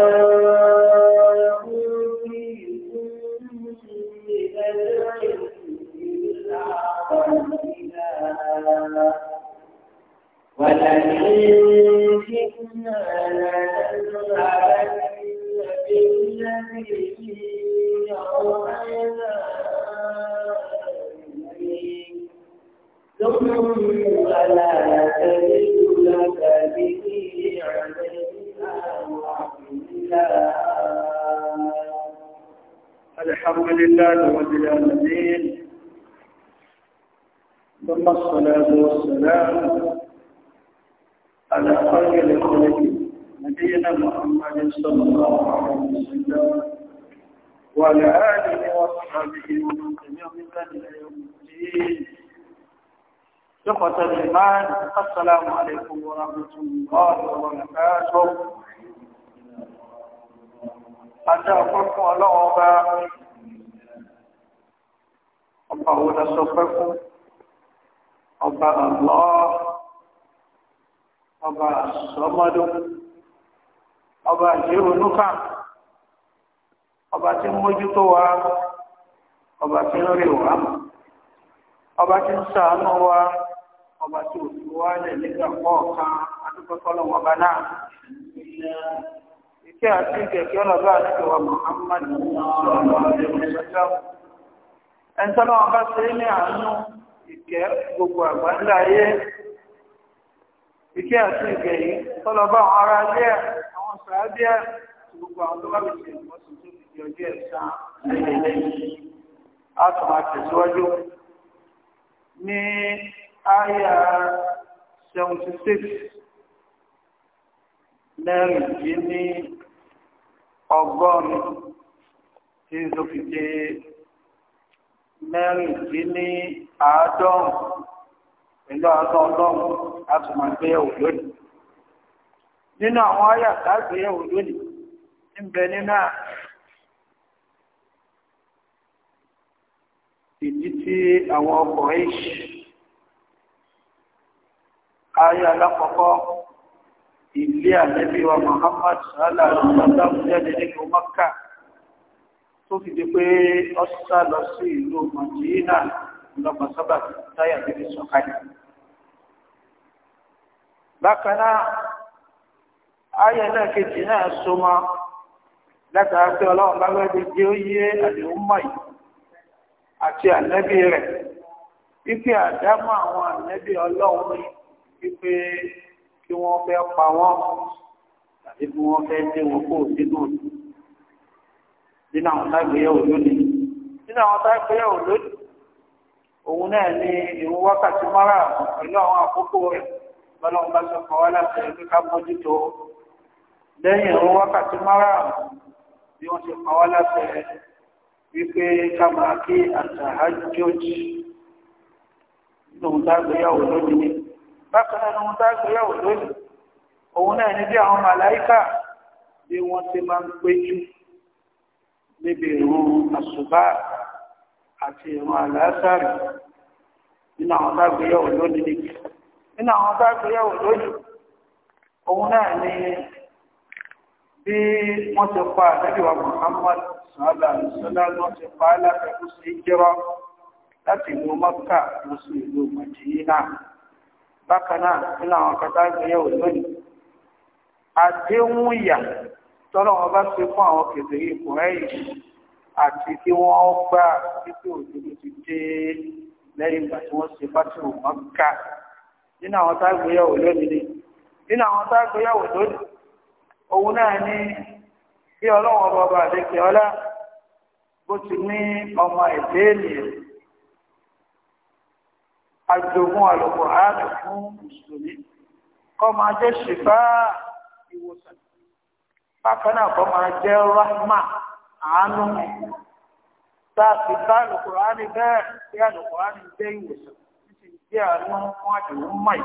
الله الله وبركاته Ajá ọba wo ọba àlọ́ ọba àsọmọdún ọba àjẹ́rò ọba tí ń wa ọba tí ń rí ọba tí ń ṣàánú ọba tí ò fi wá lẹ̀ nígbà fọ́lọ́ wọn bá náà. Ìkẹ́ àti ìkẹ̀kẹ́ ọlọ́gbà àti ìwà Muhammad ẹni tọ́lọ́ wọn bá ṣe ní àánú ìkẹ́ gbogbo àgbáńlá ayé. Ìkẹ́ àti ìkẹ̀ yìí tọ́lọ́ bá àwọn ará ilé àwọn sàádé gbogbo àwọn tó bá fi ṣe ìmọ̀sùn tó fi di ọjọ́ ẹ̀sán lẹ́yìn. A tún 76 mẹ́rin yìí ní ọgọ́rin tí ó fi dé mẹ́rin yìí ní àádọ́rùn pẹ̀lú àádọ́rùn láti máa gbé ẹ̀wò lónìí. nínú àwọn àyà láti ẹ̀wò lónìí ń bẹ nínú ìdí tí àwọn ọkọ̀ ẹ̀ṣì ayé ilé àlẹ́bí wa Muhammad sàálà lọ́sàdámù jáde nínú Mọ́kà tó fi di pé lọ sí ìlú Mọ̀jíínà lọ́pọ̀ sábà táyà bíbí sọ̀kalẹ̀. bákan náà náà kejì náà so mọ́ látara pé ọlọ́run bá fẹ́ jẹ́ óyé àdéhùn mọ́ yìí àti àlẹ́bí rẹ̀ wípé tí wọ́n fẹ́ pa wọ́n tàbí tí wọ́n fẹ́ dé wọn kó sínú nínú àwọn tágbéyàwó lónìí nínú àwọn tágbéyàwó lónìí òun náà ní ìwọ̀n wákàtí mara pẹ̀lú àwọn àkókò rẹ̀ lọ́lọ́run bá sọ fún wa láti ẹgbẹ́ ká mójútó lẹ́yìn ìwọ̀n wákàtí mara bí wọ́n ṣe pa wá wípé ká máa kí àtàhájójì nínú tágbéyàwó lónìí bákan náà wọn dágbéyàwó lónìí òun náà ní bí àwọn màláíkà bí wọ́n ti máa ń péjú níbi ìrun àṣùbá àti ìrun àlásàrì nínú àwọn dágbéyàwó lónìí nínú àwọn dágbéyàwó lónìí òun náà ní bí wọ́n ti pa àdẹ́bíwá Muhammad sọ́lá sọ́lá wọ́n ti pa á láti ẹkùn sí jẹ́rọ láti ìlú Mọ́kà lọ sí ìlú Màdínà náà bákan náà nínú àwọn kàtà ìgbéyàwó lónìí àdéhùn ìyà tọ́lọ́ wọn bá ṣe fún àwọn kèfèrí Kùráyṣì àti kí wọ́n gbà títí òdodo ti dé lẹ́yìn ìgbà tí wọ́n ṣe fásitì wọn ká nínú àwọn tá ìgbéyàwó lónìí nínú àwọn ti ní ọmọ àjògùn àlòkò ààrẹ fún mùsùlùmí kọ́ máa jẹ́ ṣèfá ìwòsàn bákan náà kọ́ máa jẹ́ rahma àánú láti bá àlòkò ààrẹ bẹ́ẹ̀ tí àlòkò ààrẹ jẹ́ ìwòsàn títí jẹ́ àánú fún àjògùn mọ́ì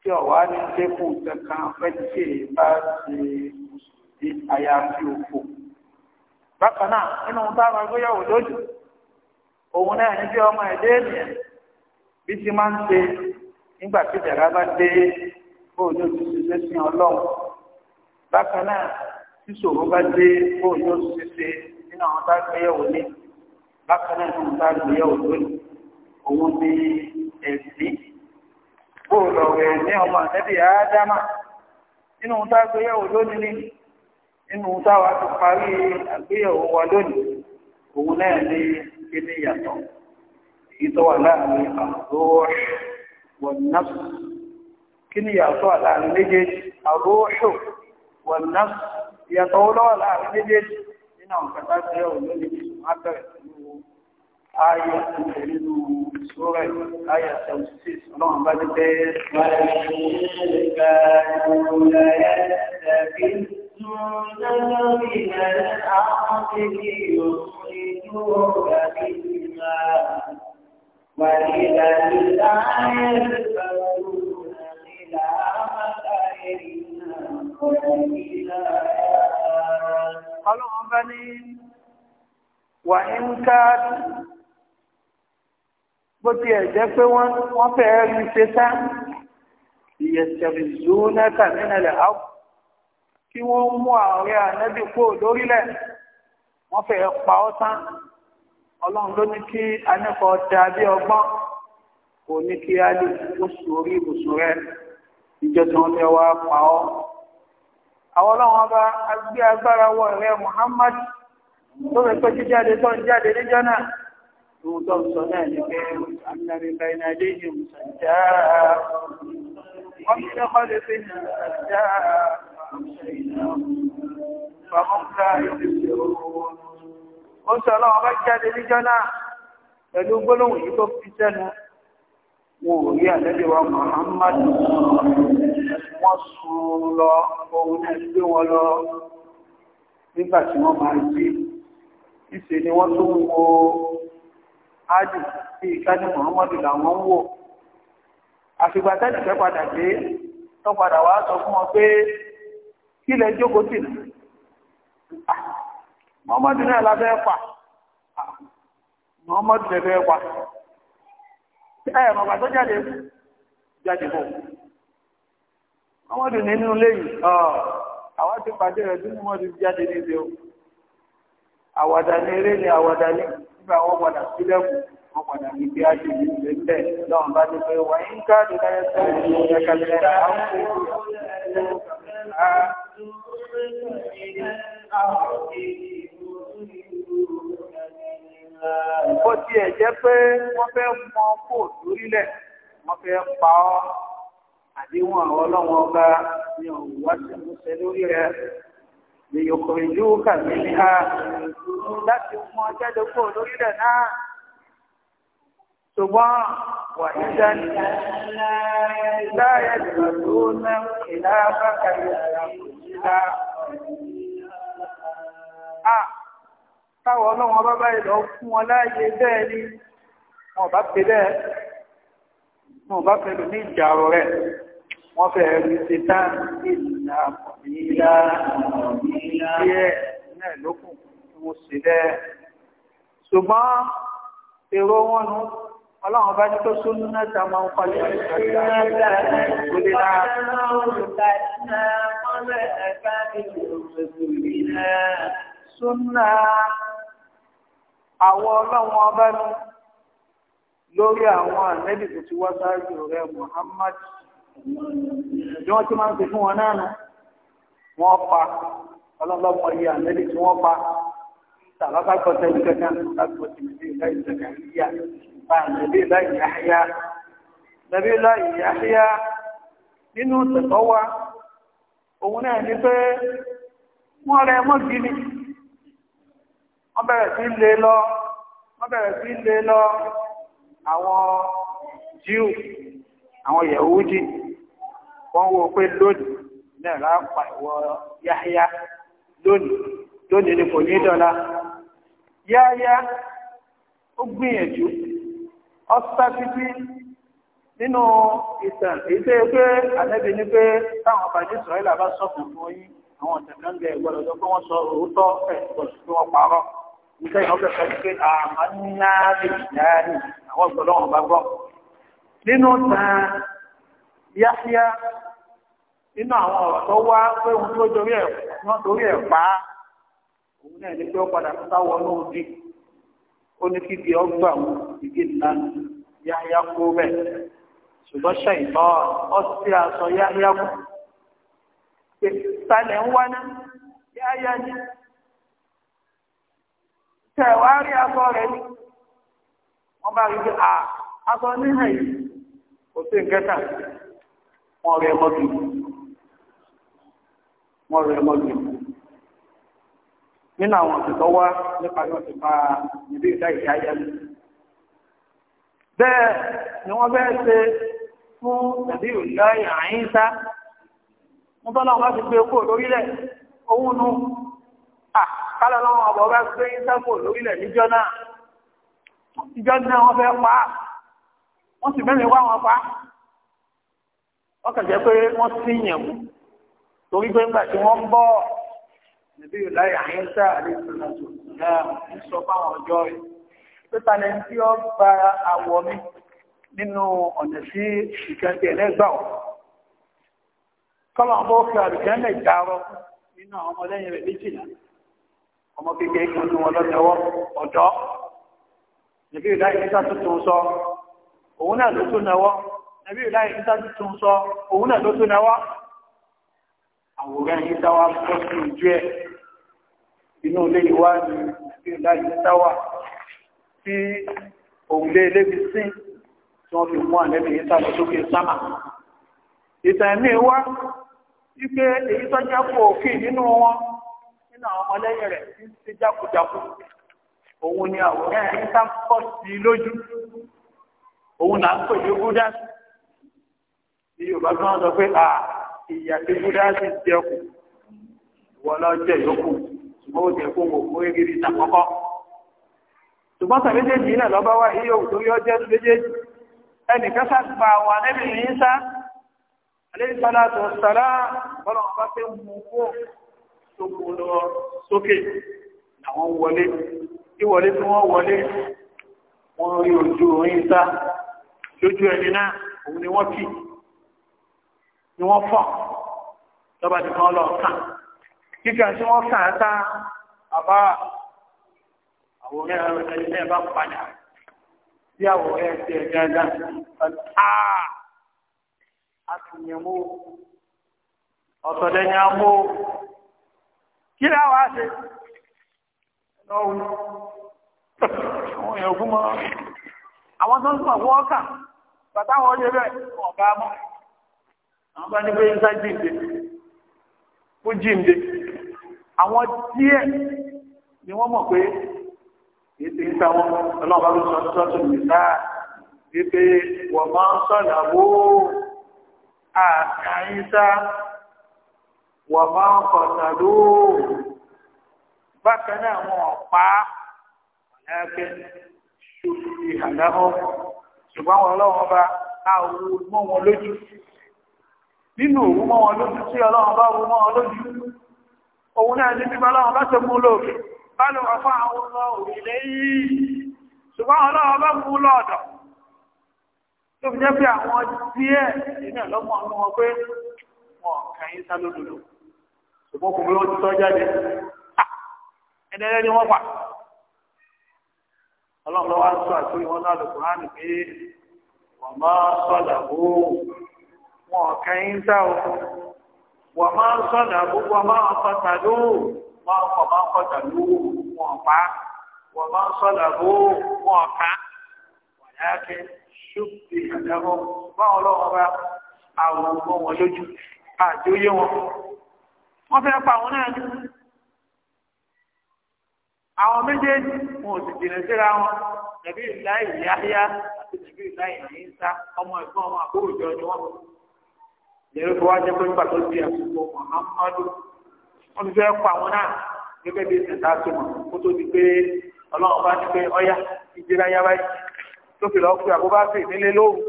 tí ọ̀wá ní lékún kankan fẹ́ tí bá ti mùsùlùmí àyàfi òfò bákan náà nínú táwọn agbóyàwó lójú òun náà ní bí ọmọ ẹ̀dẹ́ ènìyàn bí ti máa ń ṣe nígbà tí ìjàrá bá dé bóun yóò ti ṣiṣẹ́ sí ọlọ́run bákan náà tí ṣòro bá dé bóun yóò ti ṣiṣẹ́ nínú àwọn tá a gbé yẹ̀wò ní bákan náà nínú tá a gbé lónìí òun ni ẹ̀sìn bóun lọ rẹ̀ ní ọmọ àtẹ́bí ádámà nínú tá a gbé lónìí ni nínú táwa ti parí àgbéyẹ̀wò wa lónìí òun náà ní kíní yàtọ̀. في طوالاء الروح والنفس كن يا طوالاء النجد الروح والنفس يا طوالاء النجد إنهم كتبوا النجد حتى يتنوه آية تنهلينه سورة آية سوسيس الله بدأت وَالْشُّرِكَ يَسْتَفِدُونَ بِمَا الْعَاقِبِ يُصْلِدُونَ بِالْمَاءِ وإلى الله يرجعون إلى مكائنا وإلى قالوا بني وإن كانوا bó ti ẹ̀ jẹ́ pé wọ́n wọ́n fẹ́ẹ́ rí ṣe sá ìyẹ̀sẹ̀rì zúnẹ́kà nílẹ̀ áwù kí wọ́n mú ààrẹ ànẹ́bí kó lórílẹ̀ wọ́n fẹ́ẹ́ pa ọ́ sán ọlọ́run ló ní kí anẹ́kọ̀ da bí ọgbọ́n kò ní kí a lè oṣù orí ibùsùn rẹ ìjọ tí wọ́n ní ọwọ́ pa ọ́ àwọn ọlọ́run ọba agbé agbára wọ ẹ̀rẹ́ Muhammad tó rẹ̀ pé jíjáde tó ń jáde níjọ́ náà lóhun tó ń sọ náà ní pé amínàbí báyìí adéhìn ṣàjá wọ́n ti lọ́kọ́ lè fi ṣàjá Fàmọ́kúrá yóò fi ṣe òun ó sọ ọlọ́wọ́ bá jáde níjọ́ náà pẹ̀lú gbólóhùn yìí tó fi sẹ́nu wọn ò rí àlẹ́lẹ́ wa Muhammadu wọ́n sun lọ ohun náà gbé wọn lọ nígbà tí wọ́n máa jí ìṣe ni wọ́n tó ń wo ájì sí ìkájú Muhammadu làwọn ń wò àfìgbà tẹ́lẹ̀ fẹ́ padà dé tó padà wá sọ fún wọn pé kí lẹ jókòó tì ah, Muhammadu náà lábẹ́ lẹ́bẹ́ ẹ̀ tó jáde jáde bọ̀ léyìí àwọn ti pàdé rẹ̀ tí jáde o àwàdà ní eré ni àwàdà ní nígbà wọ́n padà sílẹ̀kùn wọ́n padà ní bí a ṣe ní ìlú ńlẹ̀ lọ́wọ́n bá ń Bó ti ẹ̀ jẹ́ pé wọ́n fẹ́ mọ kò lórílẹ̀, wọ́n fẹ́ pa ọ́, àdéhùn àwọn ọlọ́wọ́n ọba ni òun wá sí ìmúṣẹ lórí rẹ̀. Èyàn kò rí ju kàmí ní ha láti mọ jáde kò lórílẹ̀ náà. Ṣùgbọ́n wà ní dání. Láyé ìgbà tó náà ìlà bá kàrí àyàfò nílá à táwọn ọlọ́wọ́n bá báyìí lọ fún wọn láàyè bẹ́ẹ̀ ni wọn bá pè bẹ́ẹ̀ wọn bá pẹ̀lú ní ìjà rẹ̀ wọ́n fẹ́ rí ti tán ìlà ìlà ìlẹ̀ náà lókùn mo sì lẹ́ ṣùgbọ́n èrò wọn nù ọlọ́run bá ní tó súnú náà ta máa ń kọlé ìgbàlá súnà àwọn ọlọ́run ọba ní lórí àwọn ànẹ́bì tó ti sáájú rẹ̀ Muhammad bí wọ́n ti máa ń ṣe fún wọn náà nù wọ́n pa ọlọ́lọ́pọ̀ yìí ànẹ́bì tí wọ́n pa tàbátà kọtẹ ìkẹta lágbó ti fi láì zakariya bá nàbí láì yáhíyá nàbí láì yáhíyá nínú tẹ̀tọ́ wa òun náà wọ́n bẹ̀rẹ̀ sí lé lọ wọ́n bẹ̀rẹ̀ sí lé lọ àwọn jíù àwọn yahudi wọ́n wo pé lónìí náà láàpá ìwọ yáyá lónìí lónìí ni kò ní dọ́là yáyá ó gbìyànjú ọ́sá títí nínú ìtàn èyí tó yẹ pé àlẹ́bí ní pé táwọn ọbàdí sọ̀rọ̀ ìlàbá sọ̀kùn fún yín àwọn ọ̀tẹ̀kẹ́ ń bẹ ìgbọ́dọ̀ tó pé wọ́n sọ òótọ́ ẹ̀ gbọ́dọ̀ tó wọ́n parọ́ ìfẹ́ ìhọ́gbẹ́ pẹ̀lú pé àmà nínú tàn yáfíà nínú àwọn ọ̀rọ̀ tó wá pé òun tó torí ẹ̀ náà torí ẹ̀ òun náà ní pé ó padà tó táwọn ó ní kí ọgbà yáyá kó ṣùgbọ́n ṣàìtọ́ yáyá ń wá yáyá ní tẹ̀ wá rí aṣọ rẹ̀ ní wọ́n bá rí pé à aṣọ níhàn yìí kò sí nkẹta wọn rí ẹmọ bì wọn rí ẹmọ bì nínú àwọn òṣìṣọ́ wá ni wọ́n bẹ́ẹ̀ ṣe fún ẹ̀bí ìlú ayé àyíṣá wọ́n tọ́lá wọn gbé e kó lórílẹ̀ owó kálọ̀ lọ́wọ́ ọ̀bọ̀ bá gbé sẹ́kù lórílẹ̀ níjọ́ náà ìjọ́ náà wọ́n fẹ́ pa wọ́n sì mẹ́rin wá wọn pa wọ́n kàn pé wọ́n sí yẹn torí pé ńgbà tí wọ́n bọ́ níbí ìláyà àyẹ́sà àdéhùn ọjọ́ rẹ̀ pé talẹ̀ tí ó kọ́lọ̀ bó fi àbìkẹ́ lè dárọ́ nínú àwọn ọmọlẹ́yìn rẹ̀ méjìlá ọmọ kékeré kan wọn lọ́jọ́wọ́ ọ̀dọ́ nàbí ìláyé níta tuntun sọ òun náà ló tún náwọ́ nàbí ìláyé níta tuntun sọ òun náà ló tún náwọ́ àwòrán yìí dáwà bọ́ sí ojú ẹ̀ inú ilé ìwá ni nàbí ìláyé níta tí òun lé lébi sí tí wọ́n fi mú àlẹ́bì ìta lọ sókè sámà. ìtàn ẹ̀mí wá wípé èyí tọ́já pọ̀ òkè nínú wọn nínú àwọn ọmọlẹ́yìn rẹ̀ tí ń ṣe jákujàku òun ni àwòrán ẹ̀ ń sápọ̀ sí i lójú òun là ń pè ní gúdásì ní Yorùbá tí wọ́n sọ pé à ìyà tí gúdásì jẹ́kù wọ́n lọ jẹ́ yòókù ṣùgbọ́n ó jẹ́ kó wò ó rírí ìtàkọ́kọ́ ṣùgbọ́n tàbí méjèèjì náà lọ́bá wá iye òun tó yọ jẹ́ méjèèjì ẹnìkan sáàtùpá àwọn anẹ́bìnrin sá alẹ́ ìsọ́lá tó sọ́lá bọ́lọ̀ ọba pé mú owó tó kú lọ sókè àwọn wọlé tí wọlé tí wọ́n wọlé wọ́n rí ojú orin sá lójú ẹni náà òun ni wọ́n kì ni wọ́n fọ̀ lọ́ba tí wọ́n lọ kàn kíkà tí wọ́n kàn sá àbá àwòrán ẹni náà bá padà sí àwòrán ẹsẹ̀ gángan àtúnyẹ̀mú ọ̀sọ̀dẹ̀ni àmú kí ni àwọn àṣẹ lọ́wọ́ àwọn èèyàn ogun mọ́ àwọn tó ń sọ wọ́ọ̀kà bàtà wọn lè bẹ́ẹ̀ wọ́n bá mọ́ àwọn bá ní pé ń sá jíǹde kó jíǹde àwọn díẹ̀ ni wọ́n mọ̀ pé ètò ìta wọn ọlọ́ọ̀bá ló sọ sọ́tò nìta wípé wọ́n máa ń sọ̀nà wó wọ́n bá ń kọ̀tà lóòrùn bákan náà wọn pa á ẹ̀ẹ́kẹ́ ṣòfì àdáhọ́ ṣùgbọ́n àwọn ọlọ́run bá àwọ mọ́ wọn lójú nínú òun mọ́ wọn lójú tí ọlọ́run bá wọ́n mọ́ wọn lójú òun náà ní bíbá ọlọ́run bá ṣe mú lóòkè bá lè wà fún àwọn ọlọ́ òrìlẹ̀ yìí ṣùgbọ́n ọlọ́run bá mú lọ́ọ̀dọ̀ tó fi jẹ́ pé àwọn díẹ̀ nínú ọlọ́mọ ọmọ wọn pé wọn kàn yín sá lódodo ṣùgbọ́n kò bí wọ́n ti tọ́ jáde ẹ̀dẹ́rẹ́ ni wọ́n pa ọlọ́run wá sọ àti wọn náà lùkù hàn pé wọ́n máa sọ̀dà bó wọn kẹ́yìn tá o wọ́n máa sọ̀dà bó wọ́n máa kọta ló wọ́n kọ̀ máa kọta ló wọ́n pa wọ́n máa sọ̀dà bó wọ́n ká wọ́n yá kí ṣùgbọ́n ìgbàgbọ́ báwọn ọlọ́run bá àwọn ọmọ wọn lójú àjọyé wọn wọ́n fẹ́ pa àwọn náà ní. àwọn méjèèjì wọn ò sì jìnnà síra wọn nàbí ìláì yáyá àti nàbí ìláì yínsá ọmọ ẹ̀gbọ́n ọmọ àbúrò jọ ni wọ́n. lẹ́rú fún wa jẹ́ pé nígbà tó di àsìkò Muhammadu wọ́n fẹ́ pa àwọn náà gẹ́gẹ́ bí ìsìn táà tó mọ̀ kó tó di pé ọlọ́run bá ní pé ọyá ìjìnlá yá báyìí tó fi lọ́ọ́ fi àbúbá sí ìnílé lóru.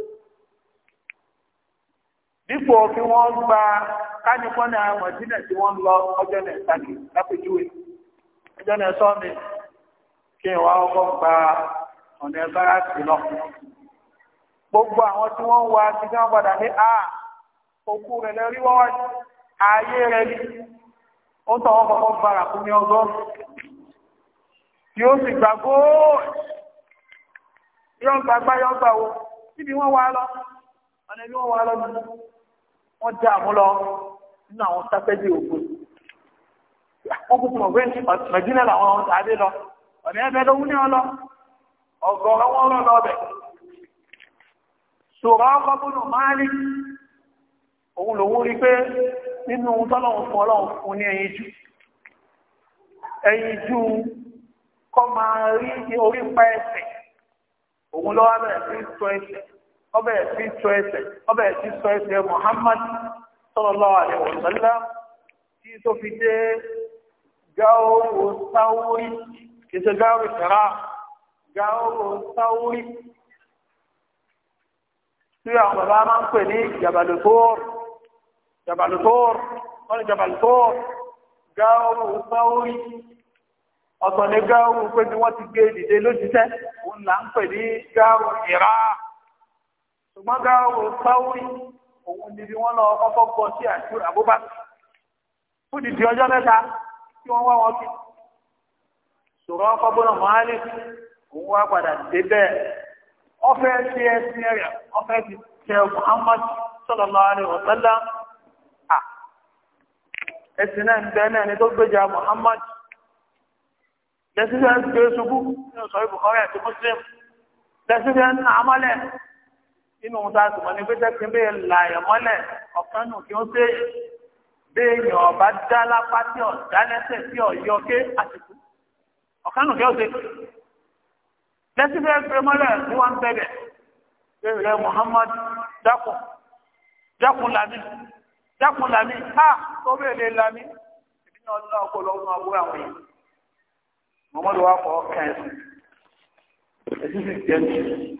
dípò kí wọ́n gba kánìkọ́nà mọ̀jínà tí wọ́n lọ ọjọ́ náà sáàkì lápèjúwe ọjọ́ náà sọ mi kí n wá ọkọ̀ gba ọ̀nà ẹ̀bára sí lọ gbogbo àwọn tí wọ́n wá sí kí wọ́n padà ní a òkú rẹ̀ lẹ́rí wọ́n wá ayé rẹ̀ ní ó tọ̀ wọ́n kọ́kọ́ gbára fún mi ọgọ́rùn tí sì gbà góòlù yọ́n gbàgbá yọ́n gbà wo níbi wọ́n wá lọ ọ̀nà ibi wọ́n wá lọ wọ́n dá àmú nínú àwọn sáfẹ́dì òkú wọ́n kúkú mọ̀ pé nàìjíríà làwọn ọmọ tàbí lọ ọ̀nà ẹ̀bẹ̀ lówú ní ọlọ ọgọ́rọ̀ wọn lọ lọ bẹ̀ ṣòro ọkọ̀ bọ́nù máàlì òun lòun rí pé nínú ohun tọ́lọ́run fún ọlọ́run fún ní ẹyin jù ẹyin jù kọ́ máa rí orí pa ẹsẹ̀ òun lọ́wọ́ bẹ̀rẹ̀ sí sọ ẹsẹ̀ ọbẹ̀ sí sọ ẹsẹ̀ ọbẹ̀ sí sọ ẹsẹ̀ Muhammad sallallahu alaihi wasallam tí tó fi dé gáwó sáwórí kìí gáwó ìtara gáwó sáwórí tí àwọn bàbá máa ń pè ní jabalutor jabalutor wọ́n ni jabalutor gáwó sáwórí ọ̀tọ̀ ní gáwó pé bí wọ́n ti gbé dìde lójíṣẹ́ òun là ń pè ní gáwó ìra ṣùgbọ́n gáwó sáwórí òun ni bí wọ́n lọ kọ́kọ́ bọ́ sí àṣírí àbúbá fún ìdí ọjọ́ mẹ́ta tí wọ́n wá wọn kí sọ̀rọ̀ ọkọ̀ gbọ́dọ̀ òun wá padà débẹ̀ ọfẹ́ ti ẹsìn rẹ̀ ọfẹ́ ti tẹ Muhammad sallallahu alaihi wa sallam ẹsìn náà ń bẹ náà ni tó gbéjà Muhammad Muslim nínú ohun tá a sì mọ̀ ní pé tẹ́sí bẹ́ẹ̀ la èèyàn mọ́lẹ̀ ọ̀kan nù kí ó ṣe béèyàn ọ̀bá dá lápá tí ọ̀dá lẹ́sẹ̀ tí ọ̀yọ́ ké àtìkú ọ̀kan nù kí ó ṣe lẹ́sí bẹ́ẹ̀ pé mọ́lẹ̀ ní wọ́n ń bẹ̀rẹ̀ bẹ́ẹ̀ Muhammad dákun dákun lami dákun lami ha tó bẹ́ẹ̀ lè lami ìbí náà ní ọkọ̀ lọ́wọ́ àbúrò àwọn yìí Muhammad wà kọ́ kẹ́ẹ̀sì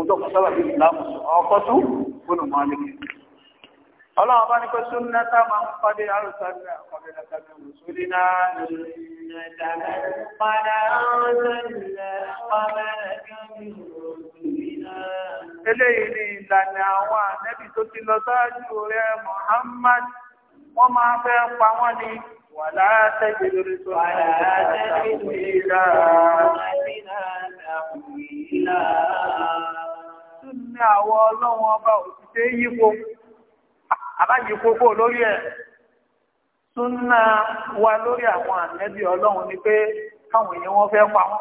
ọdọ́kùn sábà bí ìlàmù ọkọ́ tún gbónù mọ́lẹ́kì ọlọ́run bá ní pé súnmọ́ tá máa ń pàdé àrùsàgbà ọ̀pẹ̀lẹ̀kàgbà mùsùlùmí náà eléyìí ni ìlànà àwọn ànẹ́bì tó ti lọ sáájú rẹ̀ Muhammad wọ́n máa fẹ́ pa wọ́n ni wà látẹ́gbẹ̀ lórí tó àyàtẹ́gbẹ̀ ní àwọ ọlọ́wọ́n ọba òṣìṣẹ́ yípo àbáyípo kó lórí ẹ̀ tún súnà wa lórí àwọn ànẹ́bí ọlọ́run ni pé káwọn èèyàn wọn fẹ́ pa wọn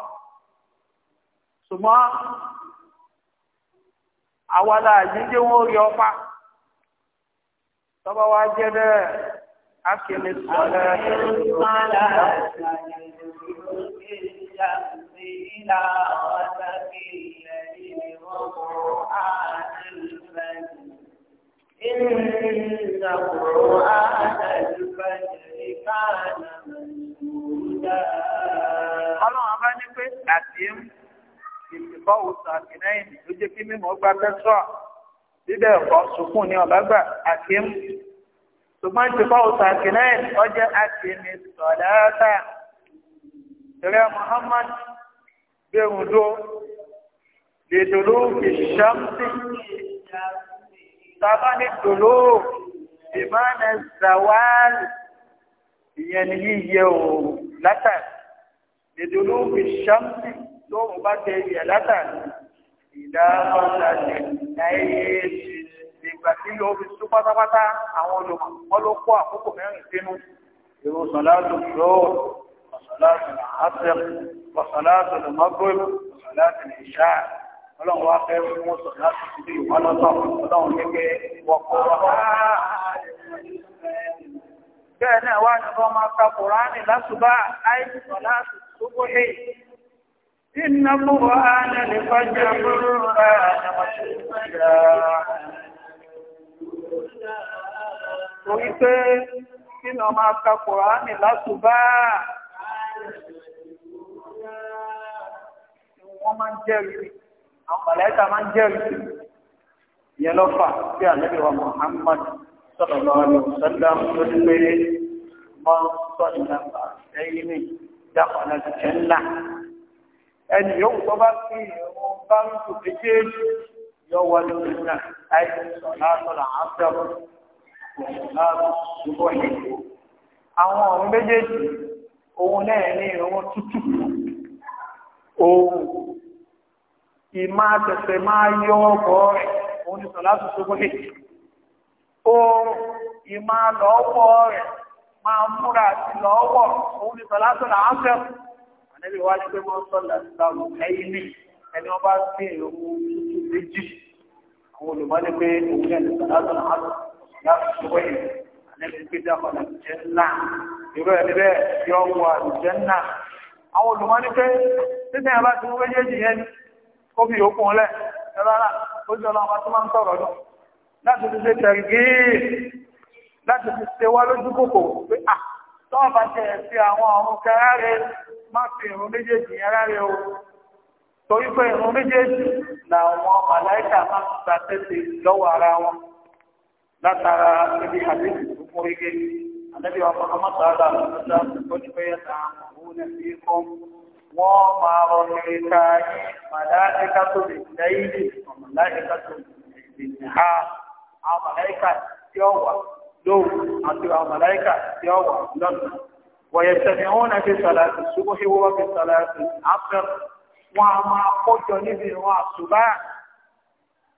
ṣùgbọ́n àwa la àjíjẹ́ wọn rí ọpa tọ́ba wa jẹ́ bẹ́ẹ̀ أقم الصلاة إلى غسق الليل وقرآن الفجر إن قرآن الفجر كان مسجودا Ọlọ́run bá ní pé àti ìsìnkọ́ òsàn àtìlẹ́yìn ló jẹ́ kí mímọ́ gbá tẹ́sọ̀. Bíbẹ̀ ẹ̀kọ́ sùkún ní ọ̀bá gbà àti ṣùgbọ́n ìtìkọ́ òsàkì náà ọjọ́ àtìmí sọ̀láàtà ìrẹ́ Muhammad gbẹ̀rùndó lè dòló fi ṣámsì tàbá ní dòló ìmánà zawal ìyẹn ni yíyẹ òòrùn látà lè dòló fi ṣámsì lóòrùn bá tẹ ìyẹ látà ìdá ọ̀sàkì náà yéé ṣe ìgbà tí yóò fi sú pátápátá àwọn olùkọ́ wọn ló kó àkókò mẹ́rin sínú ìrò sọ̀láàtù lọ́ọ̀ sọ̀láàtù àásẹ̀m sọ̀láàtù lọ́mọ́gbọ́n sọ̀láàtù ìṣá ọlọ́run wá fẹ́ mú sọ̀láàtù sí ìwọ́lọ́tọ̀ ọlọ́run gẹ́gẹ́ wọ́pọ̀ bẹ́ẹ̀ náà wá ní ọmọ akakùránì lásùbá àìsí sọ̀láàtù tó gbóyè إن الله لفجر القرآن مشهورا torí pé kí ni ọmọ aka kùránì lásùbá wọ́n máa ń jẹ́rìí àwọn mọ̀lẹ́ta máa ń jẹ́rìí yẹn lọ́fà sí àlẹ́bíwá Muhammad sallallahu alaihi wasallam tó ti pé máa ń sọ ìlànà ẹ̀yìn mi dákọ̀ọ́nà ti jẹ́ ńlá ẹni yóò tó bá fi ìrún bá ń tò méjèèjì yọ wọlé ìrìnà àìsàn látọ̀lá àṣẹ ṣùgbọ́n ìlú àwọn méjèèjì ohun náà ní ìrọwọ́ tútù ohun ìmá tẹ̀sẹ̀ máa yọ ọkọ̀ rẹ̀ òun ni sọ̀lá tó ohun ìmá lọ́wọ́ rẹ̀ máa múra àti lọ́wọ́ òun ni sọ̀lá tó ẹni wọ́n bá sí ìrọwọ́ tútù méjì yàtúwé àlẹ́bí pété ọ̀nà jẹ́nà ìró ẹni bẹ́ẹ̀ yọ wọ àlùjẹ́nà àwọn olùmọ́ni pé títí ẹ̀ bá ti mú méjèèjì yẹn kó fi yòókù lẹ̀ ẹ rárá ó jọ lọ́wọ́ tó máa ń sọ̀rọ̀ lọ láti fi ṣe tẹ̀gí láti fi ṣe wá lójú kòkò pé à tọ́wọ́ bá ṣe fi àwọn ọ̀run kẹrẹ́rẹ́ látara ibi àdéhùn tó kó ike àdébí ọkọ̀ ọmọta àdàlù nígbà tó ní péye ta òun ní fi kọ́ wọ́n máa rọ kiri ka yí màláìka tó lè lẹ́yìn màláìka tó lè lè ha àwọn màláìka tí ó wà lóhùn àti àwọn màláìka tí ó wà lọ́nà. ويجتمعون في صلاة الصبح وفي صلاة العصر وما قلت نبي وصباح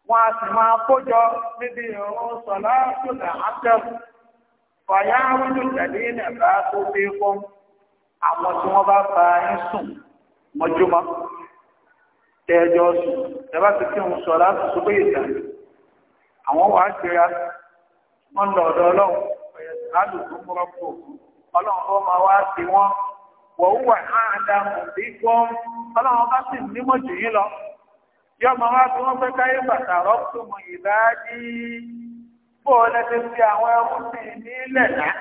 wọ́n a sì máa kójọ níbi ìrún sọ̀lá tó dà ápẹ́m fàyà rúdù tẹ̀lé nẹ̀bá tó fi fún àwọn tí wọ́n bá fa ń sùn mọ́júmọ́ tẹ́ẹjọ́ sùn tẹ́bá ti kí òun sọ̀lá tó sọ pé ìtàn àwọn wàá gbéra wọ́n lọ ọ̀dọ̀ ọlọ́run ọ̀yẹ̀ sàádùn tó múrọ́ pò ọlọ́run ó máa wá sí wọn wọ́n wà yọ ma wá tí wọ́n fẹ́ káyé bàtà rọ́pùtùmù ìbáàdí bó o lẹ́sẹ̀ sí àwọn ẹrúsìn nílẹ̀ náà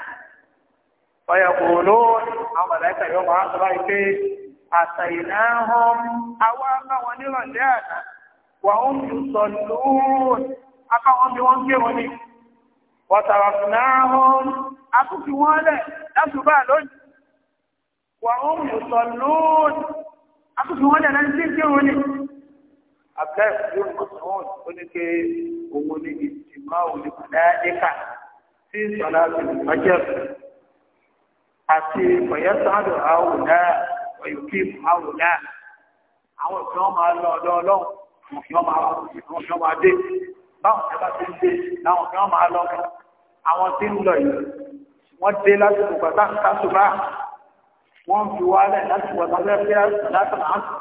ọ̀yẹ̀kọ̀ olóòrùn àwọn mọ̀lẹ́kà yọ ma sọ báyìí pé àtàyìnà hàn àwọn abáwọn nírọ̀lẹ́ àná wà ó tún sọ lóòrùn abáwọn bí wọ́n gbé wọn ni wọ̀tàrà fúnà hàn àkùkù wọn lẹ̀ lásùbà lónìí wà ó ń tún sọ lóòrùn àkùkù wọn lẹ̀ lẹ́ni tí ń abdullahi fúlùú mọ̀sán ó ní pé òun ní ìtìmá òní mọ̀láyíkà sí sọ̀lá ìmọ̀jẹ̀ àti fọ̀yẹ́sánlò àwòlá ọ̀yọ̀kí àwòlá àwọn ìfẹ́ máa lọ ọ̀dọ̀ ọlọ́run àwọn ìfẹ́ máa dé báwọn ìfẹ́ bá ti ń dé láwọn ìfẹ́ máa lọ àwọn tí ń lọ yìí wọ́n dé lásìkò pàtàkì kásùbà wọ́n fi wálẹ̀ lásìkò pàtàkì kásùbà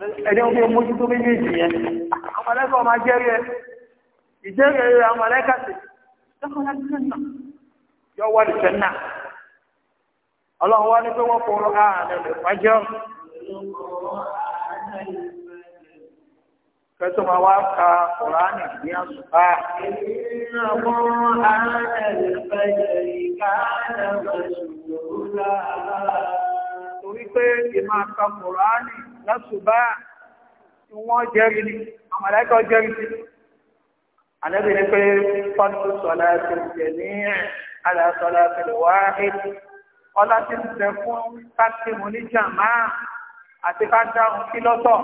ẹni ó bí ó mójú tó méjèèjì yẹn àmàlẹ́kọ̀ máa jẹ́rí ẹ ìjẹ́rí ẹ àmàlẹ́kà sí yọ wà lùfẹ́ náà ọlọ́run wá ní pé wọ́n kọ̀ọ̀rọ̀ ààrẹ lè fàjọ́ kẹtọ́ máa wá ka torí pé ìmọ̀ àka kùránì lásùbá wọ́n jẹ́rìí ni àmàlẹ́kọ̀ jẹ́rìí sí àlẹ́bí ni pé fọ́nù sọ̀lá ti jẹ̀ ní àlàsọ̀lá tẹ̀lẹ̀ wá èdè ọlá ti ń bẹ fún kásìmù ní jàmá àti ká dáhùn sí lọ́tọ̀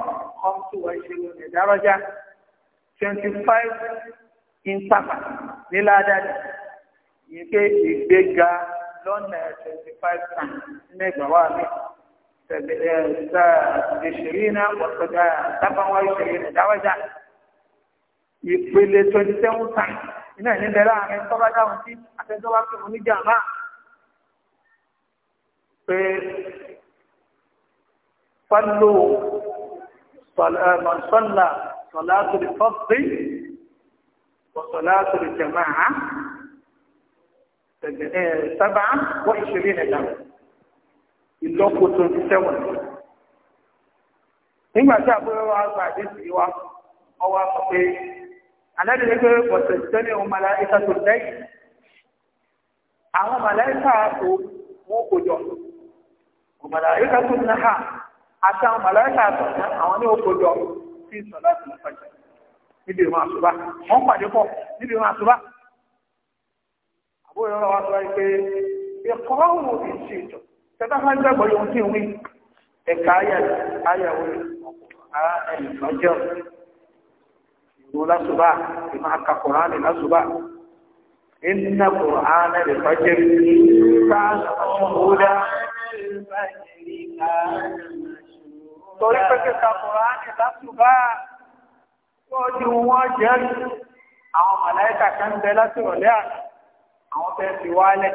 ọ̀tún ìṣirò ìdárọ́jà twenty five intapa ní ládàjà ìgbéga lọ́nà twenty five times ní wà mí. عشرين وسبعا وعشرين درجة ìpele twenty seven times iná ìníbẹ̀ láàrin tọ́ba dáhùn sí àtẹ́jọba tó mú níjàmbá pé fálò mọ̀sánlá sọ̀látòlì fọ́sí sọ̀látòlì jẹ̀máà sábà wọ́n ìṣeré nìkan. ìlọ́po twenty seven nígbà tí àbúrò wa gba àdéhùn yìí wá ọwọ́ àpò pé alẹ́dẹ̀ẹ́dẹ́ pé ọ̀sẹ̀ tẹ́lẹ̀ ohun màláìka tó lẹ́yìn àwọn màláìka tó wọ́n kò jọ màláìka tó náà àti àwọn màláìka tó náà àwọn ní òkò jọ sí ìsọ̀lá ìfọ̀jẹ̀ níbi ìwọ̀n àṣùbá wọ́n pàdé pọ̀ níbi ìwọ̀n àṣùbá àbúrò wa sọ pé ìkọ́ òun ìṣèjọba tẹ́tà máa ń gbàgbọ́ yóò tí ń wí ẹ̀ka ayàwó ara ẹ̀yìn lọ́jọ́ ìlú lásùbà ìmọ̀ inna qur'ana al-fajr kana mashhuda torí pé kíkà kùránì lásùbà tó ju wọ́n jẹ́ àwọn màláìkà kan bẹ lásìrọ̀lẹ́ àná àwọn fẹ́ fi wálẹ̀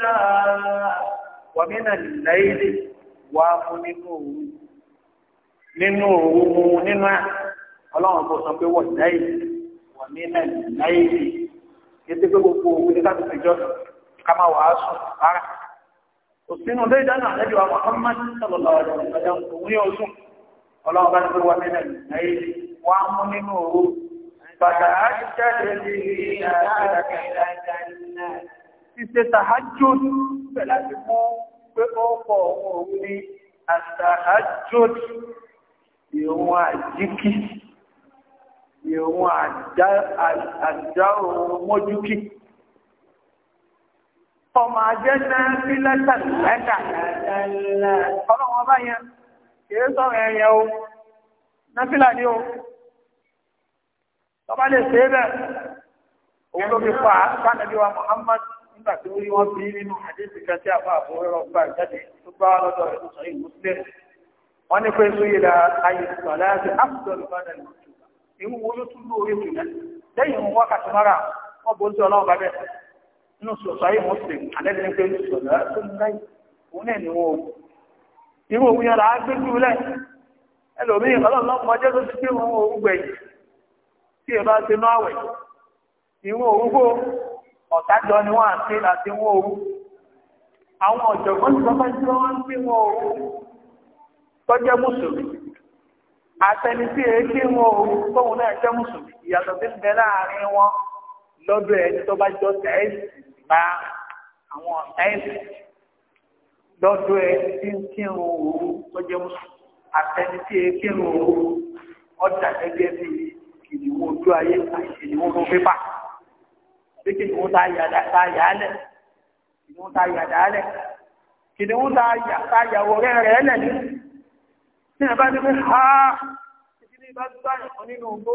شاء ومن الليل ومنه nínú òru mu nínú ẹ ọlọ́run tó sọ pé wọ́n lẹ́yìn wọ́n ní lẹ́yìn ètò pé gbogbo òru ní ká tètè jọ ká máa wàá sùn rárá kò sínú lé dáná àlejò àwọn Muhammad sallallahu alaihi wasallam òun ní oṣù ọlọ́run bá ní pé wọ́n ní lẹ́yìn wọ́n á mú nínú òru bàtà á ti jáde ní ìlànà àgbàkẹ́ ṣíṣe tahajjud pẹ̀lá ti mú pé ó pọ̀ òun ní àtàhajjud ìrun àjíkí ìrun àjárò mọ́júkí ọmọ ajẹ́ náà sí lẹ́tà lẹ́tà ọlọ́wọ́n bá yẹn kìí sọ̀rọ̀ ẹ̀yẹ o náfílà ní o tọ́bá lè ṣe é bẹ̀ fà sánàbíwa Muhammad nígbà tí ó rí wọ́n bí nínú àdéhùn kan tí àbá àbúrò gbà jáde tó bá lọ́dọ̀ rẹ̀ sọ yìí muslim wọ́n ní pé ayé láti bá ìwú wo ló tún lóore jù lẹ́yìn wọn mara bó ń sọ ọlọ́run nínú ọ̀tájọ́ ni wọ́n àti àti wọ́n òru àwọn ọ̀jọ̀gbọ́n ti sọ́kọ́ tí wọ́n ń pín wọn òru tó jẹ́ mùsùlùmí àtẹni tí èé kí wọn òru tóun náà jẹ́ mùsùlùmí ìyàtọ̀ tí ń bẹ láàrin wọn lọ́dọ̀ ẹni tó bá jọ tẹ́ẹ̀sì bá àwọn tẹ́ẹ̀sì lọ́dọ̀ ẹ tí ń kírun òru tó jẹ́ mùsùlùmí àtẹni tí èé kírun òru ọjà gẹ́gẹ́ bí kìnìún ojú ayé àti kìnìún ojú pépà pé kìnìún tá a yà á lẹ̀ kìnìún tá a yà dá á lẹ̀ kìnìún tá a yà wọ̀ rẹ̀ rẹ̀ lẹ̀ ní. tí bá ní pé ha títí ní bá gbá ìfún nínú gbó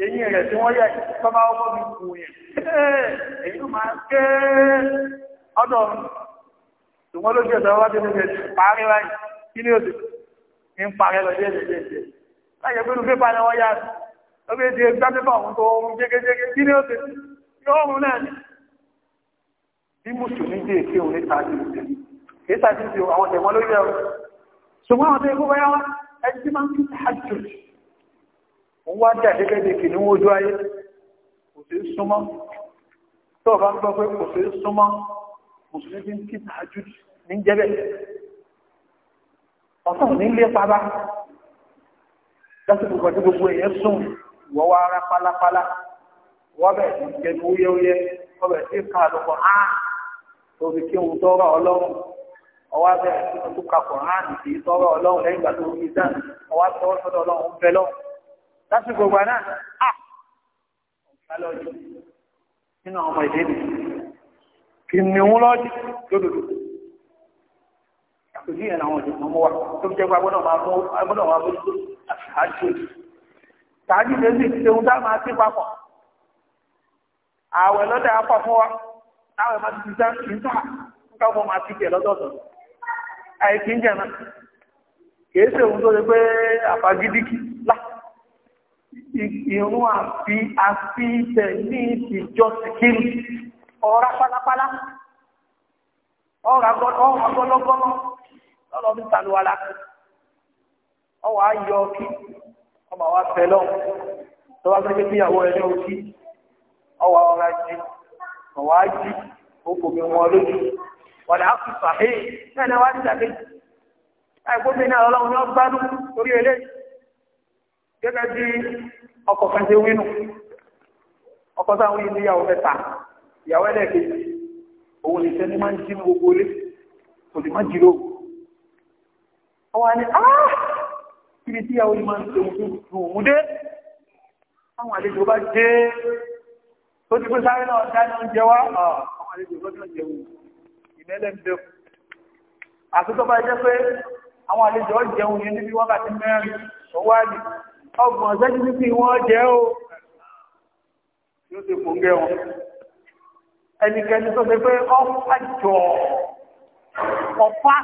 ẹ̀yìn rẹ̀ tí wọ́n yẹ bábá ọkọ̀ mi kù yẹn èyí ló máa ké ọ̀dọ̀ ṣùgbọ́n lójú ẹ̀sẹ̀ wá dénú rẹ̀ parí wáyé kí ni ó sì ń parí lọ díẹ̀ díẹ̀ díẹ̀ láyé pé lu pépà ni wọ́n yá ó bẹ́ di tó ohun jẹ́gẹ́jẹ́gẹ́ kí ni ó ti náà ni bí mùsùlùmí dé èké òun níta ní ìlú àwọn tẹ̀wọ́n lórí ẹ̀rọ ṣùgbọ́n àwọn ọ̀sán ò ní lé pabá lásìkò gbàdúgbò èèyàn sùn wọ́n wá rá pálápálá wọ́n bẹ̀ sí kẹ́kẹ́ wúyẹ́wúyẹ́ wọ́n ká lóko á torí kí òun tọ́rọ̀ ọlọ́run ọwọ́ abẹ́ ọdún kakọ̀ á nìkì tọ́rọ̀ ọlọ́run lẹ́yìn ìgbà tó dá ọwọ́ tọ́rọ̀ ọlọ́run ń fẹ́ lọ́run lásìkò gbà náà á lọ́jọ́ nínú àwọn ọmọ ìdílé lọ́jọ́ lódodo yẹn làwọn ọ̀dọ́ fàájì méjì ti ṣeun dá máa sí papọ̀ ààwẹ̀ lọ́dẹ̀ apọ̀ fún wa táwẹ̀ máa ti ṣiṣẹ́ kì í sà máa ti jẹ lọ́dọ̀ọ̀dọ̀ àìkí ń jẹ náà kìí ṣeun tó ṣe pé àfagídíkì lá ìrún àfi àfi tẹ̀ ní ìjọ sìkìlì ọ̀rá pálápálá ọ̀rá gọ́lọ́gọ́lọ́ ọwọ́ ayọ̀ ọmọ wa fẹ́ lọ tó wá fẹ́ kí ìyàwó ẹni ojú ọwọ́ ọ̀rá jí ọwọ́ ají òkò mi wọn lójú wọ́n lè ápù sàhé náà ni wá ní ìdàgbé ẹgbómi náà ọlọ́run lọ gbádùn torí ẹlẹ́ gẹ́gẹ́ bí ọkọ̀ kan ṣe wínú ọkọ̀ táwọn ilé ìyàwó mẹ́ta ìyàwó ẹlẹ́ẹ̀kejì òun lè sẹ́ni máa ń jí gbogbo ilé kò sì máa jí lóògùn ọwọ́ ni áà síbi tí yàwó ìmọ̀ ìrùmúdé àwọn àlejò bá jẹ́ tó ti pé sáré náà dáná ń jẹwá ah, àwọn àlejò lọ́dún jẹun ìmẹ́lẹ̀ ń bẹ̀rù àtútọ́ bá jẹ́ pé àwọn àlejò jẹun yẹn níbi wákàtí mẹ́rin ọwádìí ọgbọ̀n ọ̀sẹ́jú níbi wọ́n jẹ́ o yóò ti kòǹgẹ́ wọn ẹnikẹ́ni tó ṣe pé ọ̀pá jọ ọ̀pá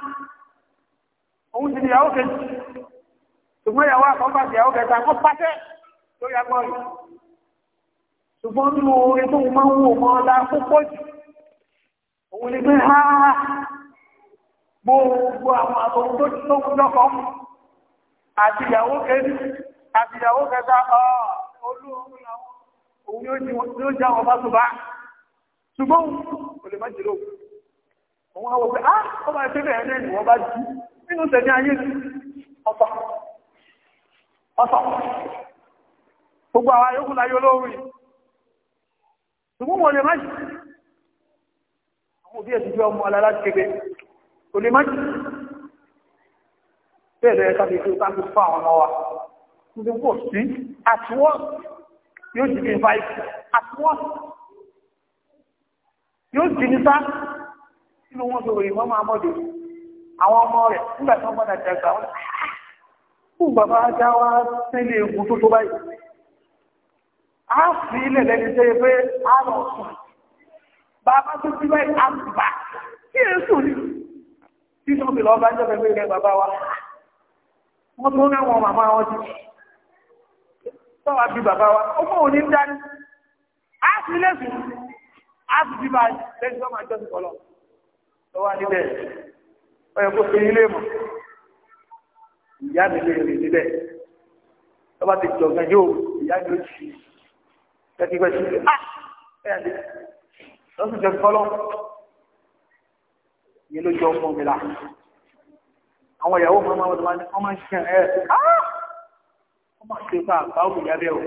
òun ìyàwó kejì ṣùgbọ́n nínú orin tó máa ń wò mọ́ ọlá púpọ̀ jù òun lè gbé ha gbogbo àwọn àtòun tó ti tókun lọ́kọ́ àti ìyàwó kẹta àti ìyàwó kẹta olú òun yóò jẹ́ ọba ìfẹ́ ah, bá jù ọ̀sọ̀ gbogbo àwọn yóò láyé olóorí ṣùgbọ́n wọ́n lè májì àwọn òbí ẹ̀sùn jẹ́ ọmọ alára kébé kò lè májì bẹ́ẹ̀ lẹ́yẹ tàbí tó tàbí fún àwọn ọmọ wa níbi pò sí àtiwọ́ yóò jì bí five àtiwọ́ yóò jì ní sá nínú wọn sọ̀rọ̀ ìmọ̀ máa mọ́dé àwọn ọmọ rẹ̀ nígbà tí wọ́n gbọ́dọ̀ fún bàbá ajá wá sílé egun tó tó báyìí a fi ilẹ̀ lẹ́ni tẹ́ pé a lọ sùn bàbá tó ti báyìí a bà kí ẹ sùn ní títí ó fi lọ bá jẹ́ pẹ̀lú ilẹ̀ bàbá wa wọ́n tó rẹ́wọ̀n màmá wọn ti tọ́wà bí bàbá wa ó mọ̀ òní dání a fi ilẹ̀ sùn a fi bí báyìí lẹ́ni tó máa jọ́ sí kọlọ̀ lọ́wọ́ níbẹ̀ ọ̀yẹ̀kọ́ fi ilé mọ̀ ìyá mi lè rìn níbẹ̀ tó bá ti jọ̀gbọ́n yóò ìyá mi ló ti tẹ́tígbẹ́ sí pé ah ẹ̀yà lè lọ́sùn jẹ́ kọ́lọ́ yẹn ló jọ ọmọ mi là àwọn ìyàwó mọ́ máa wọ́n wọ́n máa ń ṣe ẹ̀ ah! ọ́ máa ṣe fún àbá òkú ìyá bẹ́ẹ̀ o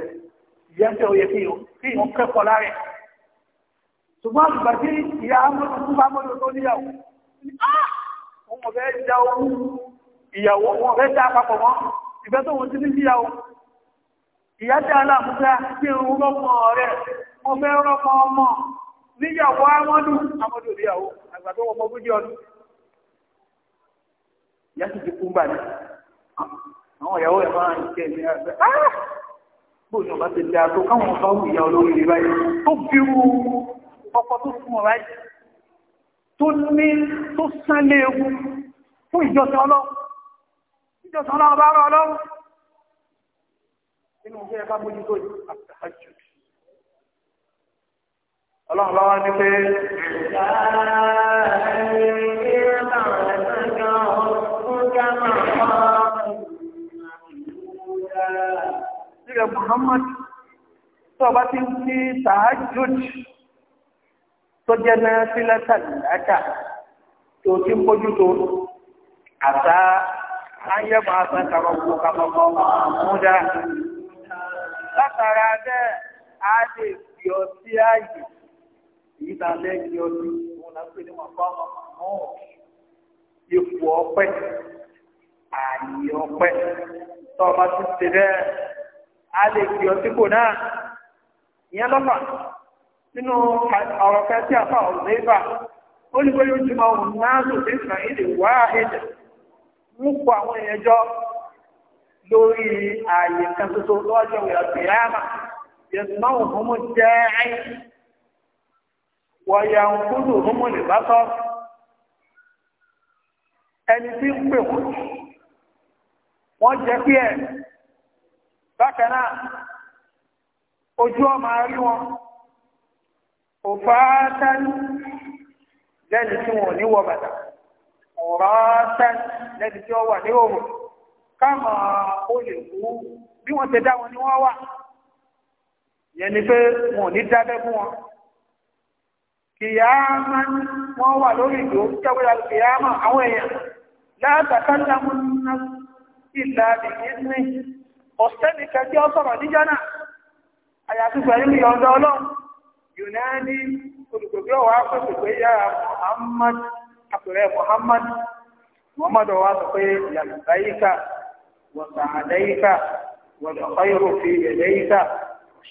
ìyá bẹ́ẹ̀ o yẹ kí èèyàn kẹ́kọ̀ọ́ lára ṣùgbọ́n àgbà tí ìyá amọ́dún fún bá mọ́dún tó níyàwó bẹ́ẹ̀ ah! já owó ìyàwó wọn fẹ́ papọ̀ mọ́ ìfẹ́ tó wọ́n ti ní síyàwó ìyá dá aláàmúta kí n rọ́mọ rẹ̀ mo fẹ́ rọ́mọ ọmọ níyàwó amọ́dún amọ́dún ìyàwó àgbàdo ọmọ ogójì ọdún ti kú jọsán náà bá rọ ọlọ́run nínú bí ẹ bá mójú tó yìí àtàjù ọlọ́run bá wá ní pé Nílẹ̀ Muhammad tó ọba ti ń fi tàájú tó jẹ́ náà sílẹ̀ tàbí àkà tó ti ń bójú tó àtàá anyegba yẹ máa fẹ́ kàrọ̀kù kàrọ̀kù múdá. Látara bẹ́ẹ̀ a lè fi ọ sí ààyè èyí lẹ́yìn ọdún òun náà pé ní ipò ọpẹ́ ààyè ọpẹ́ ti ṣe a lè fi ọ sípò náà ìyẹn lọ́fà nínú ọ̀rọ̀ a ọ̀rọ̀ ó ní ti máa wù ní ń kó àwọn èèyàn jọ lórí ààyè kan tuntun lọ́jọ́ ìyàgbéyàmà yẹ̀sùn àwọn ọmọ jẹ́ ẹ́ wọ̀yà ń kúrò ọmọ lè bá tọ́ ẹni tí ń pè wọ́n wọ́n jẹ́ pé ẹ̀ bákan náà ojú ọmọ rí wọn òfáátán lẹ́ni tí wọn ní wọ ọ̀rọ̀ọ́sán lẹ́bi tí ó wà ní òwò káàmọ̀ ó lè kú bí wọ́n ti dá wọn ni wọ́n wà yẹn ni pé wọn ò ní dábẹ́ fún wọn kìyà máa ń wọ́n wà lórí ìlú jẹ́wọ́dà kìyà máa àwọn èèyàn látàkà lámú ná ìlà ìdíní ọ̀sẹ́ nìkan tí ó sọ̀rọ̀ níjọ́ náà àyàfi pẹ̀lú ìyọ̀ndọ́ ọlọ́run yóò náà ní olùgbògbé ọ̀wá pẹ̀lú pé yára Muhammad abdullahi muhammad muhammad wa sọ pé làbáyíkà wà sàádáyíkà wà lọ́kọ́yọ̀rọ̀ fi ẹ̀dáyíkà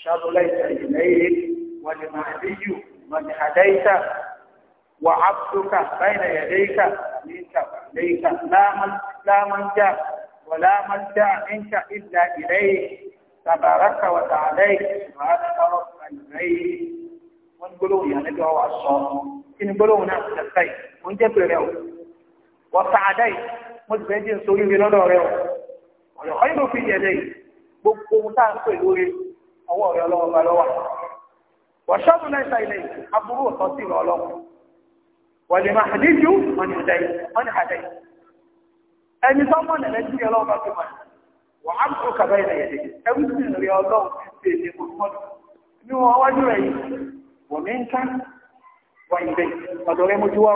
ṣàbùlá ìta ìlẹ́yẹ wà ní màdíyù wà ní àdáyíkà wà ábùdókà báyìí ẹ̀dáyíkà níta lẹ́yíkà láàmánjá wà láàmánjá níta ìlà ìlẹ́yẹ tàbàrákà wà sàádáyíkà wà á sọ̀rọ̀ ìlẹ́yẹ wọ́n gbólóhùn yàrá ẹgbẹ́ wa sọ kí ni gbólóhùn náà ti mo jẹ́ pé rẹ o wọ́n sàádá yìí mo sì fẹ́ jẹ́ nítorí mi lọ́dọ̀ rẹ o ọ̀yọ̀ ọ̀yìn ló fi yẹ̀lẹ̀ yìí gbogbo ohun tá à ń pè lórí ọwọ́ rẹ ọlọ́wọ́ bá lọ́wọ́ wọ́n ṣọ́ọ̀bù lẹ́sà ilẹ̀ yìí aburú ọ̀tọ́ sí ìrọ̀ ọlọ́wọ́ wọ́n lè máa àdéjú wọ́n ní àdá yìí wọ́n wá ibẹ̀ ọ̀dọ̀ rẹ mojú wá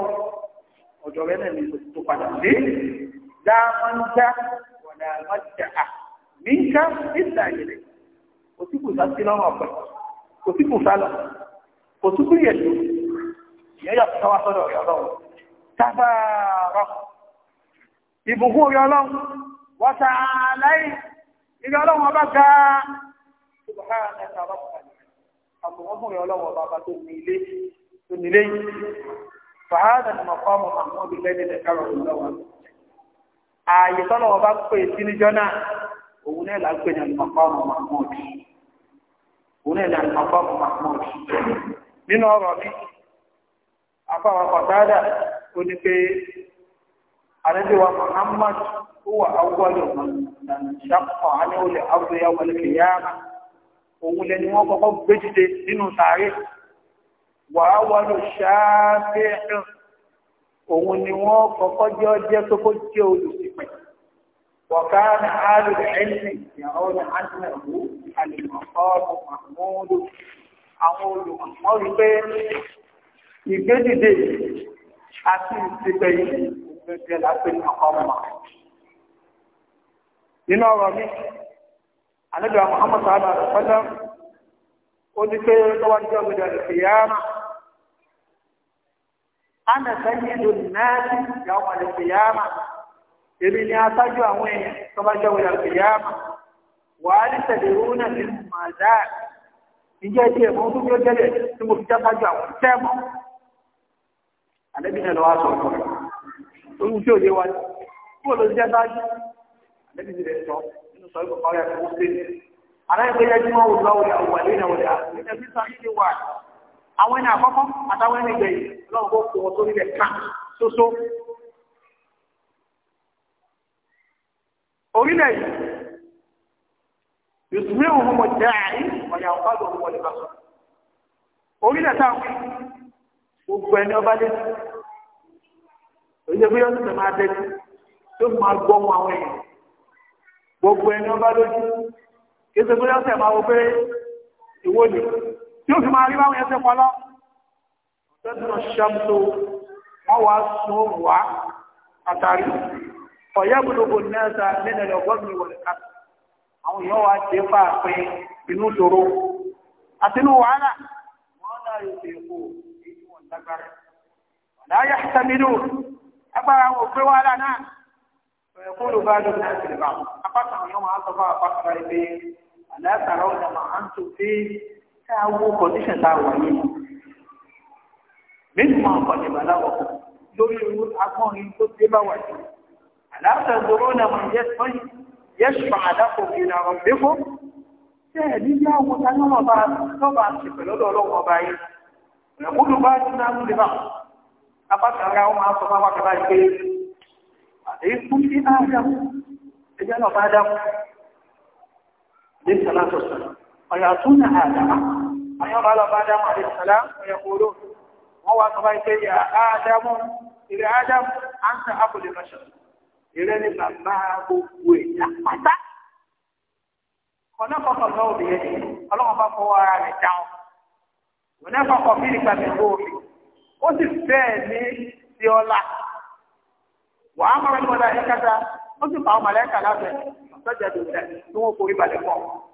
ọ̀dọ̀ rẹ náà ní tó padà sí dáadáa wọ̀dà àmọ́jà à níka níta ìrẹ̀ kò sí kùsà sí lọ́rùn ọ̀pẹ kò sí kùsà lọ kò sí kúrì ètò ìyẹn yọ sọ́wọ́ sọ́dọ̀ rẹ ọlọ́run tábàárọ̀ ìbùkún rẹ ọlọ́run wọ́sà láì ìrẹ ọlọ́run ọba ga ṣùgbọ́n ká ẹ̀ka ọlọ́run ọba àbùkún rẹ ọlọ́run ọba tó ní ilé tó nílé yìí fàhádà ni màkọ́ ọmọ màmú ọdún lẹ́ni lẹ́ka rọrùn lọ́wọ́ ààyè tọ́lọ̀ ọba pè sí níjọ́ náà òun náà là ń pè ní òun náà ní àlùmọ̀kọ́ ọmọ màmú nínú ọ̀rọ̀ mi àfàwọn kọ̀tàdà ó pé àrẹ́bíwa Muhammad huwa awwalu man ṣàkọ̀ àníwòlẹ̀ àwùjọ yàwó ẹlẹ́kẹ̀yà òun lẹni wọ́n kọ́kọ́ gbé nínú sàárè wàá wọnú ṣááfíìhìn òun ni wọ́n kọ́kọ́ jẹ́ ọjẹ́ tó kó jẹ́ olùsìnkú wọ̀ká ní àlùfẹ́ ẹ̀sìn ìyàwó ní àdínàwó àlùmọ̀kọ́ọ̀mù mahmudu àwọn olùmọ̀mọ́ rí pé ìgbédìde àti ìsìnkú yìí ló jẹ́ láti ní ọmọ ní ana sayyidu nnaasi yawma al-qiyamah èmi ni aṣáájú àwọn èèyàn tó bá jẹ́ wọlé al-qiyamah wàá ní tẹ̀lérúnà ní màdá ìjẹ́ ti ẹ̀mọ́ tó yóò jẹ́lẹ̀ tí mo fi jápájú àwọn tẹ́ẹ̀mọ́ àlẹ́bí náà lọ wá sọ ọ̀pọ̀ orú tí ò lé wa ní kí wọ́n lọ sí jápájú àlẹ́bí ti rẹ̀ sọ nínú sọ ìgbà pàrọ̀ ẹ̀kọ́ sí ni àlẹ́bí yẹ kí wọ́n wù lọ́wọ́ ìyàwó wà lẹ́yìn àwọn ìyàwó àwọn ẹni àkọ́kọ́ àtàwọn ẹni gbẹ̀yìn ọlọ́run kó kó wọn tó nílẹ̀ ká ṣoṣo orílẹ̀ yìí ìsúwé òun mọ̀ jẹ́ àárín ọ̀yà ọ̀pádùn òun wọlé bàtọ̀ orílẹ̀ táwọn gbogbo ẹni ọba dé orílẹ̀ bóyá ọdún máa dé tó máa gbọ́ mọ àwọn èèyàn gbogbo ẹni ọba lójú kí ṣe bóyá ọ̀sẹ̀ máa wọ pé ìwọ́de tí ó fi máa rí báwọn ẹsẹ̀ pọlọ́ tẹ́tùrọ̀ ṣàmùtò wọ́n wá sún òun wá àtàrí ọ̀yẹ́ gbogbo nẹ́ẹ̀ta nínú ẹ̀rọ gọ́ọ̀mù ìwọ̀lẹ̀ ká àwọn èèyàn wá dé fà pé inú ṣòro àti inú wàhálà wọ́n náà yóò fi èkó èyí wọn lágbára láyé àtàmínú agbára wọn ò pé wàhálà náà ẹ̀kọ́ ló bá lóun náà tẹ̀lé bá apá kan yóò máa sọ apá kan báyìí pé àlẹ́ àtàrà ọ̀dà tá a wo condition tá a wà yìí nínú àwọn ọ̀kọ̀dé bàláwọ̀ lórí owó akọrin tó dé bá wà yìí àlàáfíà gbòòrò náà mà yẹ sọ yìí yẹ sọ àdàpọ̀ ìlà ọ̀rọ̀ gbẹ́fọ́ bẹ́ẹ̀ ní bí àwọn ta náà bá lọ́ba ti pẹ̀lú ọlọ́wọ́ ọba yìí ìrẹ̀kúndùn bá ti náà lè bá apákàrà wọn máa sọ fáwọn akẹ́bá ìpè àdéhùn fún sí ádámù ẹjẹ́ náà bá dámù ní sàlátọ̀sán فيعطون آدم أيضا على آدم عليه السلام ويقولون هو صبيت يا آدم إلى آدم أنت أبو البشر إلى لما ويتحفظ ونفق الله بيده الله ما هو رجعه ونفق فيك من روحه وتفاني في الله وأمر الملائكة وتفعل ملائكة لا تسجد له ثم قرب لقومه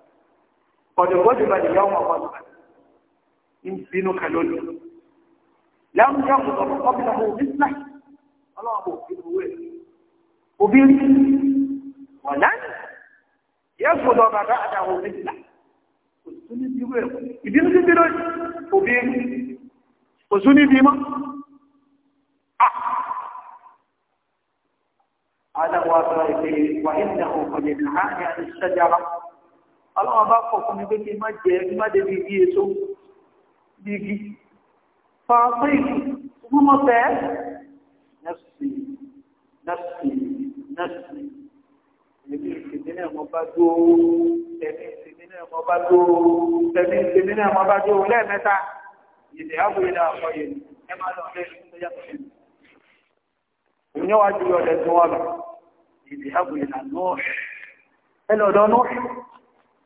ọ̀dọ̀gbọ́dọ̀ bá lè yá ọmọ ọmọ ń bínú kan lónìí láwùjọ ọ̀pọ̀ ọ̀pọ̀ òbí sílá ọlọ́wọ́ òbí owó ẹ̀ òbí rí ọ̀lá yẹ kó lọ bàbá àdáwọ̀ òbí sílá òsùn ní bí wẹ̀ ìbínú sí bí lónìí ní bí mọ́ هذا هو أسرائيل وإنه قد نهاني عن ọlọ́wọ́n bá pọ̀ fún mi pé kí má jẹ má dé bí igi èso bí igi fàáfíì gúnmọ́ fẹ́ nẹ́sì nẹ́sì nẹ́sì ẹ̀mí ìsinmi náà mo bá dó ẹ̀mí ìsinmi náà mo bá dó ẹ̀mí ìsinmi náà mo bá dó lẹ́ẹ̀mẹ́ta ìdè àbúrò náà kọ yẹn ẹ máa lọ bẹ́ẹ̀ tó yàtọ̀ yẹn. ìyẹn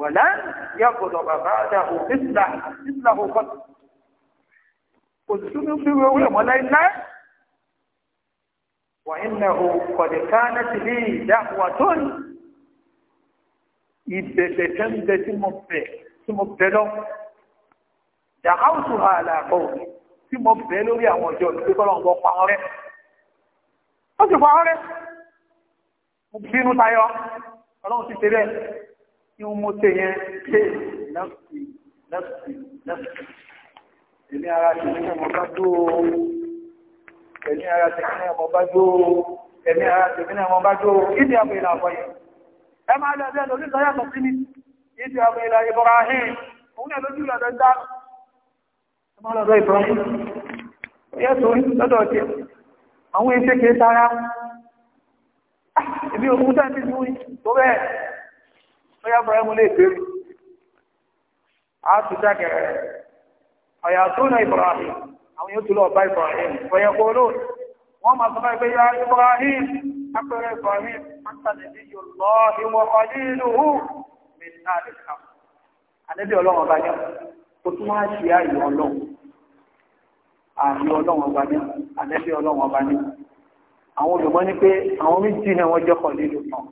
ولن يقضب بعده مثله مثله قط òtútù fi wéwú ẹ̀mọ́ láíláí wà ilẹ̀ o kọ̀dẹ̀ká láti ní ìdáhùwà tó ní ìbẹ̀bẹ̀ tẹ́ǹbẹ̀ tí mo bẹ̀ tí mo bẹ̀ lọ dàkáwùsù àlàkọ̀ tí mo bẹ̀ lórí àwọn ọjọ́ tí kọ́lọ̀ ń bọ́ pa ọ́rẹ́ ó sì pa ọ́rẹ́ mo bínú tayọ ọlọ́run ti ṣe bẹ́ẹ̀ tí ó mú tẹ yẹn pé lẹ́fì lẹ́fì lẹ́fì èmi ara ti ní ọmọ bá dó èmi ara ti ní ọmọ bá dó èmi ara ti ní ọmọ bá dó ìdí àmì ìlà àbọ̀ yìí ẹ máa lọ bẹ́ẹ̀ lórí ìsọyà tó sí ní ìdí àmì ìlà Ibrahim òun náà lójú lọ́dọ̀ dá ẹ lọ́dọ̀ Ibrahim àwọn iṣẹ́ sára ah, èmi òun tẹ́ bóyá bóyá mo lè bèrè a tún dákẹ̀rẹ̀ ọ̀yà tó na Ibrahim àwọn yóò tún lọ bá Ibrahim bóyá kó ló wọ́n máa sọ bá ẹgbẹ́ ya Ibrahim apẹ̀rẹ̀ Ibrahim ọlọ́run ọba yẹn kò tún wá ṣe àyè ọlọ́run àyè ọlọ́run ọba yẹn àlẹ́bí ọlọ́run ọba yẹn àwọn olùmọ́ ní pé àwọn méjì náà wọ́n jọ́kọ̀ nílùú kan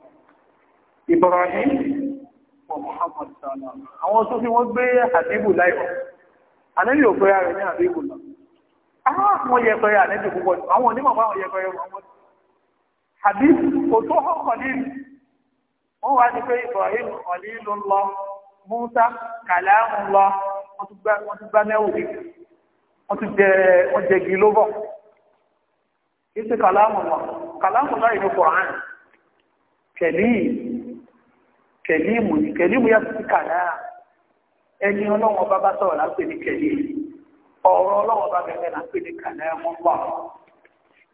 Ibrahim àwọn tó fi wọ́n gbé àdébù láìwọ̀ ànẹ́bì ò pẹ́ra rẹ̀ ní àdébù lọ àwọn yẹpẹrẹ ànẹ́bì púpọ̀ àwọn onímọ̀ bá wọn yẹpẹrẹ wọn àbí kò tó ọkọ̀ nílùú wọ́n wá ní pé Ibrahim ọ̀lẹ́ ló ń lọ Musa kàlẹ́ ń lọ wọ́n ti gbá mẹ́wòó wọ́n ti jẹ wọ́n jẹ kẹ̀límù ni kẹ̀límù yàtọ̀ sí kàláà ẹni ọlọ́wọ́n bá bá sọ̀rọ̀ lápẹ́ ní kẹ̀límù ọ̀rọ̀ ọlọ́wọ́n bá bẹ̀rẹ̀ lápẹ́ ní kàláà wọn wà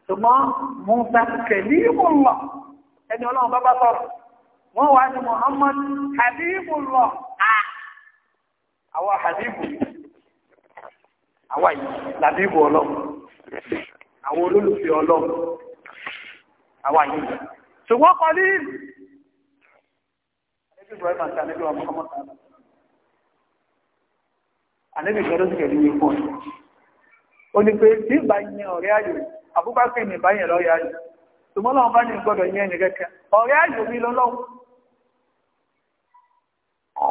ṣùgbọ́n Musa kẹ̀límù lọ ẹni ọlọ́wọ́n bá bá sọ̀rọ̀ wọ́n wà ní Muhammad habibu lọ àwa habibu àwa yìí làbíbu ọlọ́wọ́ àwọn olólùfẹ́ ọlọ́wọ́ àwa yìí ṣùgbọ́n kọ́lí Ibrahim àti Ànábì wa Muhammad sallá. Ànábì kan ló sì kẹ̀lú ní fún ọ. Ó ní pé tí ìbá yẹn ọ̀rẹ́ ayò, àbúkà pé ní ìbá yẹn lọ́yà ayò. Tùmọ́ lọ́wọ́ bá ní gbọ́dọ̀ yẹn ní kẹ́kẹ́. Ọ̀rẹ́ ayò mi lọ́lọ́wọ́.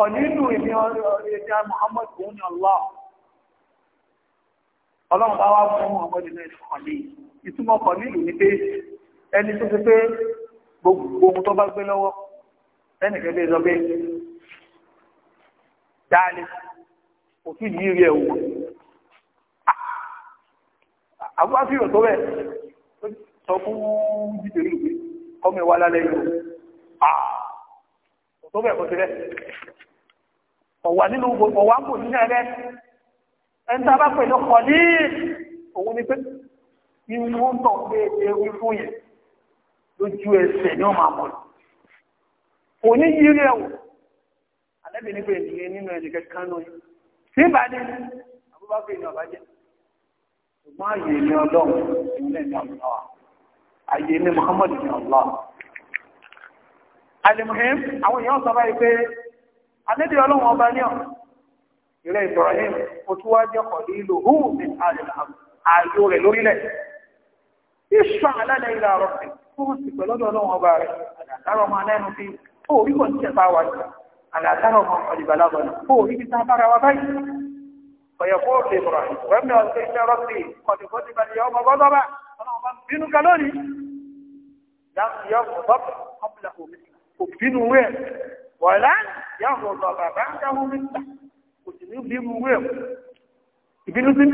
Ọ̀nínú ìní ọ̀rẹ́ ẹja Muhammad òun ni Allah. Ọlọ́run bá wá fún ọmọdé náà kọ̀ní. Ìtumọ̀ kọ̀ní ìlú ni pé ẹni tó ti pé gbogbo ohun tó bá gbé lọ́wọ́ ẹnìkan bí sọ pé dáálé òfin yìí rí ẹ wò àwọn afihàn tó bẹ́ẹ̀ sọ fún jíjẹ ìlú pé kọ́mi wà lálẹ́ yìí ó ah, tó bẹ́ẹ̀ kó ti rẹ̀ ọ̀wà nínú gbogbo wa ń bò nínú ẹ̀rẹ́ ẹni tá a bá pẹ̀lú ọkọ̀ ní òun ni pé inú ń tọ̀ pé ewu fún yẹn lójú ẹsẹ̀ ni wọ́n máa mọ̀ kò yiri yírí ẹ̀wọ̀n alẹ́bí nígbà nínú ẹni kankan náà tí bá dé abúbákọ̀ ìlú àbájẹ́ ṣùgbọ́n àyè ní ọlọ́run ìlú ẹ̀dá ọ̀la ní Muhammad ní ọ̀la alimuhim àwọn èèyàn sọ báyìí pé alẹ́bí ọlọ́run ọba ní ìrẹ́ Ibrahim ó tún wá jẹ́ kọ̀lí ìlú hù ní ààyò rẹ̀ lórílẹ̀ ìṣọ́ alẹ́ ilẹ̀ fún ọlọ́run ọba rẹ̀ àdàkárọ̀ orí kò ní ṣẹ̀fà wà ní àlàtàrà ọmọ ọ̀dìbàlábọ̀ ní orí ní sáfàrà wà báyìí ọ̀yẹ̀kọ́ òkè bọ̀rọ̀ rẹ̀mí ọ̀sẹ̀ iṣẹ́ rọ́sì kọ̀dìkọ́ ti bàlẹ̀ ọmọ gbọ́dọ̀ bá ọmọ bínú ka lónìí yọ̀ọ̀mù bọ́pù ọ̀pùlà òbínú rẹ̀ wọ̀lá yọ̀ọ̀mù bọ̀bà bá ń dáhùn mítà kò sì ní bínú rẹ̀ ìbínú sí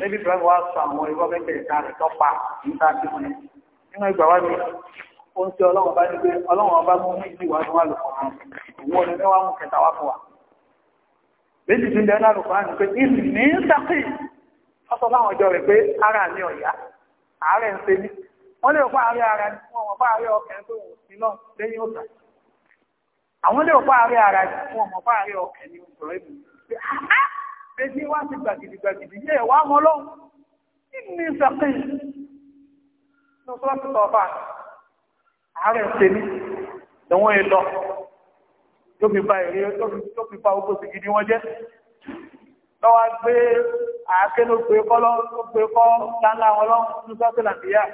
níbi tí wọ́n wá sọ àwọn ìwọ́ mẹ́tẹ̀ẹ̀ta rẹ̀ tọ́pa níta tí wọ́n ní. nínú ìgbà wá ní ó ń ṣe ọlọ́run bá ní pé ọlọ́run bá mú méjì wá ní wà lùkọ́ náà òun ni wọ́n mú kẹta wá fún wa. méjì ti ń dẹ́nu àlùkọ́ náà ni pé ìlú ní sàkì wọ́n sọ fáwọn ọjọ́ rẹ̀ pé ara mi ọ̀yá àárẹ̀ ń ṣe mí wọ́n lè fọ́ àárẹ̀ ara ni wọ́n fọ́ àárẹ̀ ọkàn tó wù sí náà lẹ́yìn òòtà àwọn lè fọ́ àárẹ̀ ara ni wọ́n mọ̀ fọ́ àárẹ̀ ọkàn ni òòtà rẹ̀ Bébí wá sí gbàgìdìgbàgìdì yẹ wá mọ́ lọ́wọ́. Nínú ìṣàkín ní sọ́ọ̀tì tọ́fà, ààrẹ tèmi, ìwọ̀n ìlọ, tó fi ba èrè tó fi ba ogbó sìgìdì wọn jẹ́. Lọ́wọ́ gbé àáké ló gbé kọ́ lọ́ ló gbé kọ́ lálá wọn lọ́wọ́ ní sọ́ọ̀tì Nàìjíríà.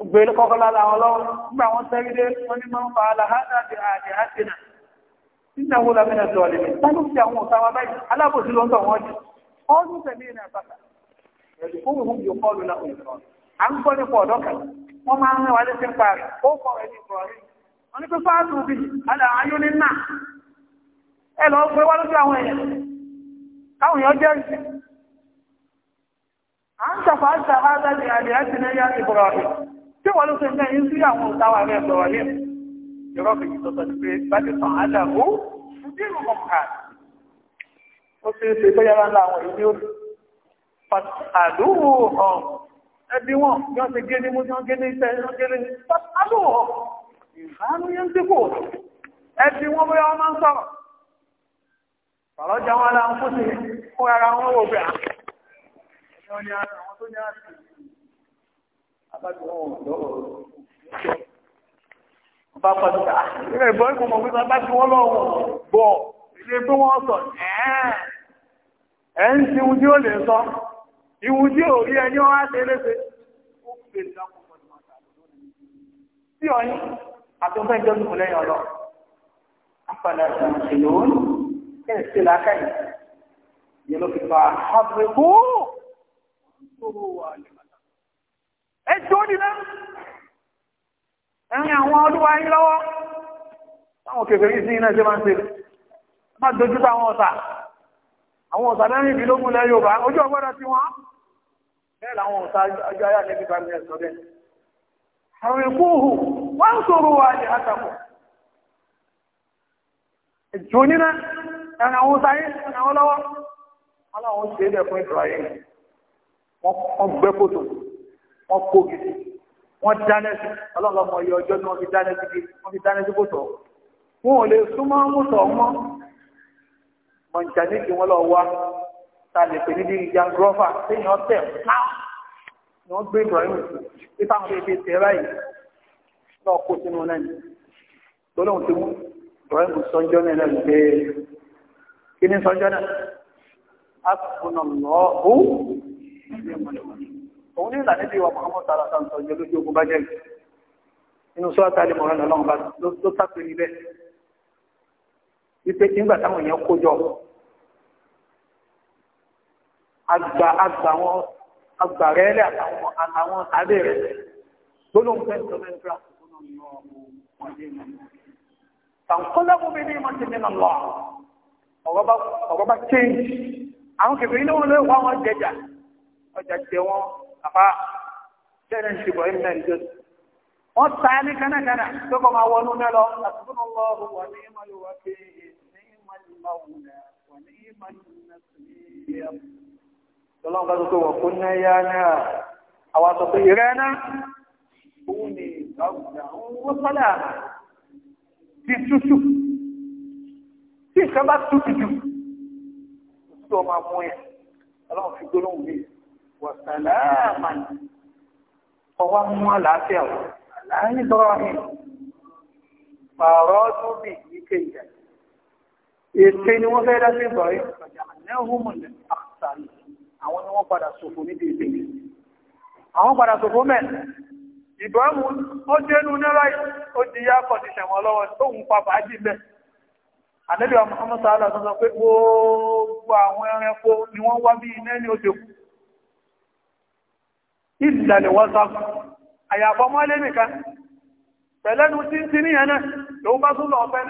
Ó gbé kọ́kọ́ lálá wọn lọ́wọ́. Nígbà wọn sẹ́rí dé, wọ́n ní máa nínú àwọn olùmínà tó ọ̀lẹ̀ mi tá ló fi àwọn ọ̀tá wa báyìí alábòsí ló ń tọ̀ wọ́n jù ọdún tẹ̀lé ìrìn àbàkà ẹ̀rù fún ìhùn yóò kọ́ lóla òyìnbó à ń gbọ́ irọ́ kejì tó sọ pé bájú tán ádà ó fúdírù mọ̀ ká ó ṣe é ṣe bóyá ńlá àwọn èyí ó àlúwò hàn ẹbí wọn bí wọ́n ti gé ní mú tí gé ní iṣẹ́ ìrọ́ gé ní àlúwò ìbánú yẹn tí kò ẹbí wọn bóyá wọ́n máa ń sọ̀rọ̀ sọ̀rọ̀ wọn láwọn fún ti fún ara wọn wò bẹ́ẹ̀ àwọn tó ní àti àbájọ wọn ò lọ́rọ̀ bá pàdé ká ilé ìbọn ìkùn mọ̀ pípa bá ti wọ́n lọ bọ̀ ilé tó wọ́n sọ ẹ̀ ń ti ohun tí ó lè sọ ìhun tí ò rí ẹni wọ́n á ṣe léṣe ó pè lọ́kùn sí ọyìn àtúnfẹ́ ìjọ́sùn lẹ́yìn ọlọ́ apàdà ìṣẹ̀lẹ̀ òun kẹ́ ṣe làákàyè yẹn ló ẹ̀rin àwọn olúwa yín lọ́wọ́ táwọn kèfèrí sí iná ṣe máa ń ṣe má dojú àwọn ọ̀tà àwọn ọ̀tà lẹ́rin ìbílógún lẹ́ Yorùbá ojú ọgbọ́dọ̀ tí wọ́n bẹ́ẹ̀ làwọn ọ̀tà ọjọ́ ayá sọ wọ́n dáná sí ọlọ́lọ́mọ iye ọjọ́ náà fi dáná sí wọ́n fi dáná sí kò tọ̀ wọn ò lè súnmọ́ mú tọ̀ wọn mọ̀nìjàníkì wọn lọ wá ta lè pè níbi ìyàn gírọ́fà téèyàn tẹ̀ ká ni wọ́n gbé Ibrahim sí táwọn lè fi tẹ̀ báyìí náà kó sínú náà ni lọ́lọ́run ti mú Ibrahim sọ́njọ́ náà lẹ́nu pé kí ni sọ́njọ́ náà a kùnà lọ́ọ́ ó ní ìmọ̀lẹ́wọ̀n òun ní ìlànà ìdíwà Muhammad tààrà sáńsọ ìjọ lójú ogun bá jẹ́ inú sọ́ọ́tà lè mọ̀rán lọ́wọ́ bá ló sápé níbẹ̀ wípé nígbà táwọn èèyàn kó jọ àgbà àgbà wọn àgbà rẹ̀ lẹ́ àtàwọn àtàwọn àbẹ̀ rẹ̀ gbólóhùn fẹ́ sọ fẹ́ fẹ́ àkókò náà ní ọmọ wọn dé mọ́. tàǹkọ́lẹ́kùn bíi ní ìmọ̀ ti nínú lọ ọ̀rọ̀ bá change àwọn kẹfẹ́ ilé wọn lé wọn jẹjà ọjà jẹ wọn àpá tẹ́lẹ̀ ń ṣìbọ̀ ìmìnà ìjọ wọ́n ta ní kánákáná tó kọ́ máa wọnú mẹ́lọ àtúntò lọ́wọ́ wà ní ìmọ̀lúwà pé ní ìmọ̀lúwà wà ní ìmọ̀lúwà tọ́lọ́n bá tó tó wọ̀ fún náà ti tútù bá tútù jù tútù ọmọ amú ẹ̀ ọlọ́run fi gbólóhùn bíi wàsàlámà ọwọ́ mú àlàáfíà wà láàrin ìdọ́rọ̀hìn pààrọ̀ tó bì ní kéjà ètè ni wọ́n fẹ́ dájú ìbọ̀rí ọjàmọ̀lẹ́hùnmùlẹ̀ àkàtàlì àwọn ni wọ́n padà ṣòfò ní dédé àwọn padà ṣòfò mẹ́ ìbọ̀mù ó dénú tó ń pé gbogbo àwọn ẹranko ni wọ́n wá bí iná ní oṣù ìdìlẹ̀ wọ́sán àyàfọ́ mọ́lé nìkan pẹ̀lẹ́nu tí ti ní ẹ̀nà ló bá tún lọ ọ̀fẹ́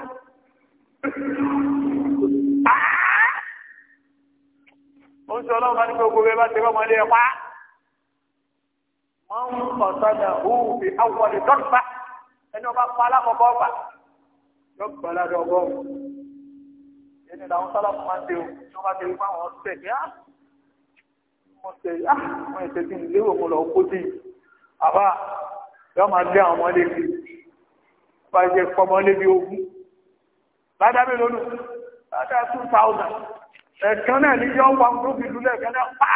ó ń sọ ọlọ́run bá ní gbogbo rẹ̀ bá ti rọ́ mọ́lé ẹ̀pá wọ́n ń pọ̀sọ́dà òòfì àwọ̀lẹ̀ dọ́gbà ẹni ọba pa alákọ̀ọ́kọ́ ọgbà dọ́gbà ládọ́ wọ́n tẹ̀ yá ah, wọ́n ẹ̀tẹ̀ tí ń lérò mọ́ lọ kó dì àbá yọ́ máa lé àwọn ọmọlébi bá jẹ́ pọmọlébi ogún ládábé lónú ládá 2000 ẹ̀kan náà ní yọ́ wà tó fi lulẹ̀ ẹ̀kan náà pa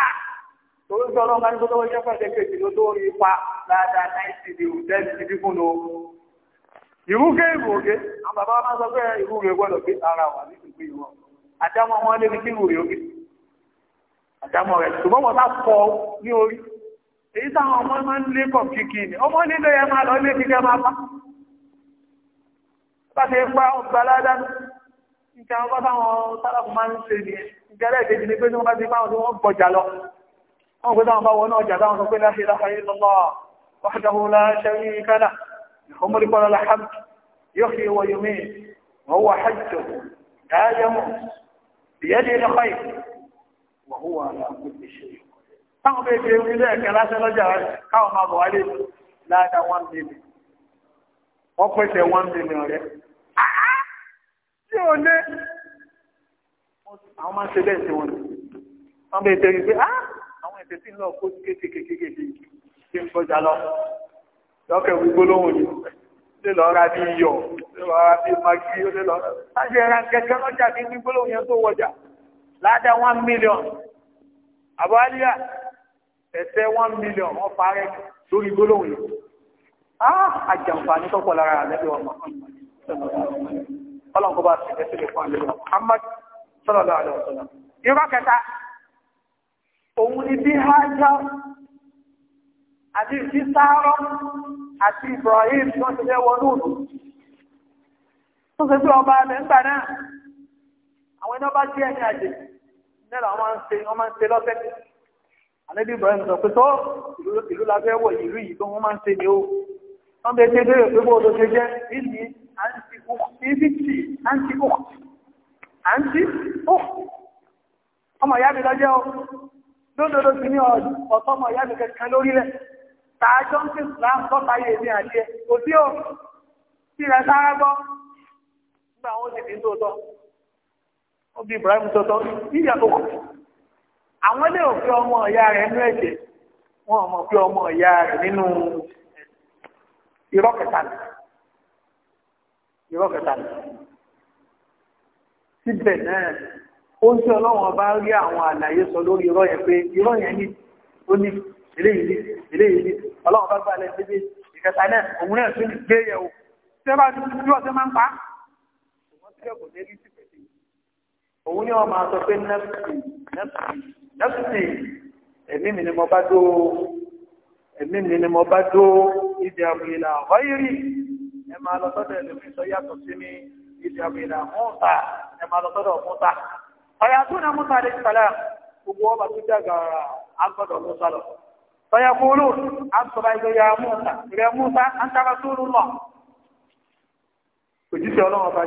torí sọ lọ́wọ́ ní gbogbo ẹjẹ́ pẹ̀lẹ́ kejì ló tó rí pa ládá 90 ní òtẹ́ ti fi fún un ìrú géèmù òkè àwọn bàbá wọn sọ pé ìrú rẹ̀ gbọ́dọ̀ gbé ara wà ní ìpínlẹ̀ wọn àdámọ́ wọn lébi kí ìrú rẹ̀ òkè àdámọ̀ rẹ̀ ṣùgbọ́n wọ́n bá kọ ní orí èyí táwọn ọmọ máa ń lé kọ̀ kíkì ni ọmọ nílé ẹ máa lọ ilé kíkẹ́ máa bá bá ti pa ọgbà ládánù níta wọn táwọn sálàkù máa ń ṣe ní ìjà lẹ́ẹ̀kejì ni pé tí wọ́n bá ti pa àwọn tí gbọjà lọ wọ́n pé táwọn bá wọnú ọjà táwọn sọ pé láti láfàáyé lọ́lọ́ wàhádàhùn láṣẹ ní kánà ìfọ́mọ́lì kọ́lá yóò fi wọ yomi wọ́n wà hajjọ táwọn bẹ́ẹ̀ ṣe wí lẹ́ẹ̀kẹ́ láṣẹ lọ́jà káwọn máa bọ̀ wálé láàdá one million wọ́n pèsè one million rẹ̀ tí ò lé àwọn máa ń ṣe bẹ́ẹ̀ sí wọn wọ́n bẹ́ẹ̀ tẹ́rí pé àwọn ètè tí ń lọ kó kéékèèkéèké tí ń kọjá lọ lọ́kẹ̀ wí gbólóhùn ni lè lọ ra bí iyọ̀ lè lọ ra bí magí lè lọ ra ṣáṣẹ́ ra kẹ̀kẹ́ lọ́jà ní gbólóhùn yẹn tó wọjà ládàá one million àbáyá ẹsẹ̀ one million wọ́n parẹ́ lórí gbólóhùn yìí ah, àjàǹfààní tó pọ̀ lára àlẹ́bí wa ọlọ́run kó bá ṣe ẹsẹ̀ lè fún àlẹ́bí wa Muhammad sallallahu alaihi wasallam irọ́ kẹta òun ni àti Ibrahim tí wọ́n ti fẹ́ wọnú òdù tó ṣe pé ọba abẹ́ ń gbà náà àwọn iná bá jẹ́ ẹni àjèjì náà làwọn máa ń ṣe wọ́n máa ń ṣe lọ́sẹ̀ àlébí Ibrahim sọ pé tó ìlú la wọ̀ ìlú yìí tó wọ́n máa ń ṣe ni ó wọ́n bẹ ṣe bẹ́ẹ̀ pé bóòdó ṣe jẹ́ ìlú àǹtí òkùtì àǹtí òkùtì àǹtí òkùtì ọmọ ìyá mi lọ́jọ́ lódodo sí ní ọ̀tọ́ ọmọ ìyá mi kẹ̀kẹ́ lórílẹ̀ tààjọ́ ń sì láà ń tọ́ta yé mi àti ẹ̀ kò sí ò sí rẹ̀ sára gbọ́ nígbà wọn ó ó bí Ibrahim tọ́tọ́ yíyà tó kù àwọn ilé òfin ọmọ ìyá rẹ̀ nínú ẹ̀jẹ̀ wọn ò mọ̀ pé ọmọ ìyá rẹ̀ nínú irọ́ kẹta ni irọ́ kẹta ni síbẹ̀ náà ó ń sọ ọlọ́wọ́n bá rí àwọn àlàyé sọ lórí irọ́ yẹn pé irọ́ yẹn ní ó ní eléyìí ní eléyìí ní ọlọ́wọ́n bá gbà lẹ́sẹ̀ bí ìkẹta náà òun náà tún gbé yẹ̀ o tí wọ́n bá ti tí wọ́n ti máa ń pa òun ni wọ́n máa sọ pé nẹ́fùsì ẹ̀mí mi ni mo bá dó ẹ̀mí mi ni mo bá dó ìdí àbúyìlà ọ̀yìrì ẹ máa lọ sọ́dọ̀ ẹ̀lẹ́mí sọ yàtọ̀ sí mi ìdí àbúyìlà mọ́ta ẹ máa lọ sọ́dọ̀ mọ́ta ọ̀yà tó na mọ́ta lè sàlẹ̀ gbogbo ọba tó dàgbà agbọ́dọ̀ mọ́ta lọ sọ́yà kúrú àtọ́ba ìgbéyà mọ́ta rẹ̀ mọ́ta àtàrà tó rú lọ òjíṣẹ́ ọlọ́wọ́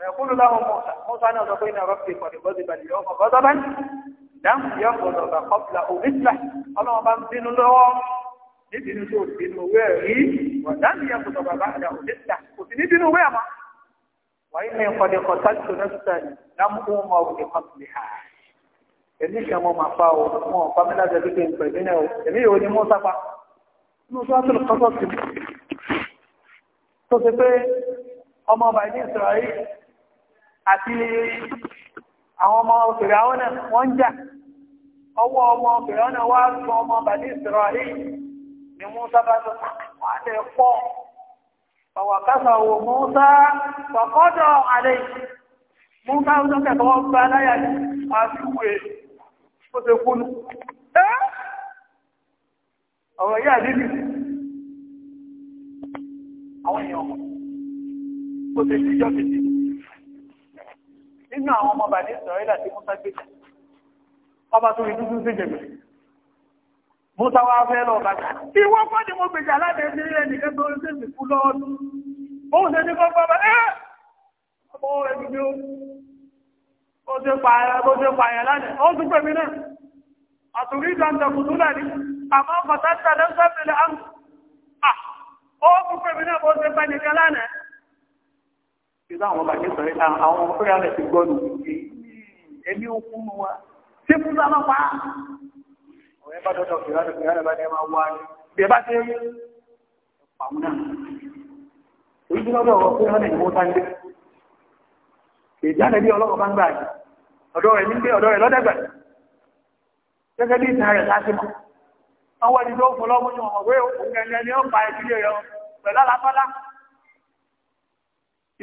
ويقول له موسى موسى أنا لقينا ربي قد غضب اليوم غضبا لم يغضب قبله مثله أنا من دين الله nídìí tó bínú wẹ́ẹ̀rí wọ̀dánì yẹn kò tọ̀gbà bá àdá òdìsá kò sí ní bínú wẹ́ẹ̀ mọ́. wàyí ní ìkọ̀dé kọ̀tà tó nẹ́sítà lámùkú mọ́ òkè kọ́tùlì ha. èmi kẹ́ mo máa fa o mọ́ ọ̀pá mi láti ẹ̀dí pé n pẹ̀lú náà o èmi yóò ní mú sápá. inú tó wá tó lọ kọ́tọ̀ sí mi. tó ṣe pé ọmọ ọba ìdí ìsirayí àti àwọn ọmọ òkèrè àwọn náà wọ́n ń jà ọwọ́ ọmọ òkèrè àwọn náà wá sọ ọmọ bàdí ìsìnrọ̀ àrí ni Musa bá sọ wọ́n á lè pọ̀ ọ̀wọ̀kásà wo Musa pàkọ́dọ̀ àrẹ Musa ó tó kẹ̀kọ́ bá láyà ní àfihùwẹ̀ ó ti kúnnú ọ̀rọ̀ yà níbi àwọn èèyàn ó ti jíjọ́ kìí nínú àwọn ọmọ bàdé ìsọ̀rẹ́lá tí mú ságbéjà ọba tó rí dúdú sí jẹ̀gbẹ̀ mú táwà fẹ́ lọ bá tí wọ́n kọ́ ni mo gbèjà láti ẹgbẹ́ ilẹ̀ nìkan tó rí sí fún lọ́ọ̀dún bóun ṣe ní kọ́ gbọ́ bá ẹ́ ọmọ ẹgbẹ́ ó ṣe pààyàn lánàá ó tún pẹ̀mí náà àtúrí ìdáǹdàkùn tó láàrí àmọ́ fàtàtà lọ́sọ̀fẹ́lẹ̀ ó tún pẹ̀mí náà ṣe pẹ̀lú kan lánàá ìlú àwọn bàjẹ́ sọ̀rọ̀ ìta àwọn ọmọ fúnra rẹ̀ ti gbọ́nù ẹ̀mí òkú wa ṣé fún sábà pa ọ̀rẹ́ bá dọ́dọ̀ fìlà rẹ̀ fìlà rẹ̀ dẹ́ máa wá ní bí ẹ bá ṣe rí pàmò náà èyí lọ́dọ̀ ọ̀rọ̀ fúnra rẹ̀ ni mo sáré ìjáde bí bá ń gbà ọ̀dọ́ rẹ̀ nígbé pé òun rẹ̀ pẹ̀lú àlàfọ́lá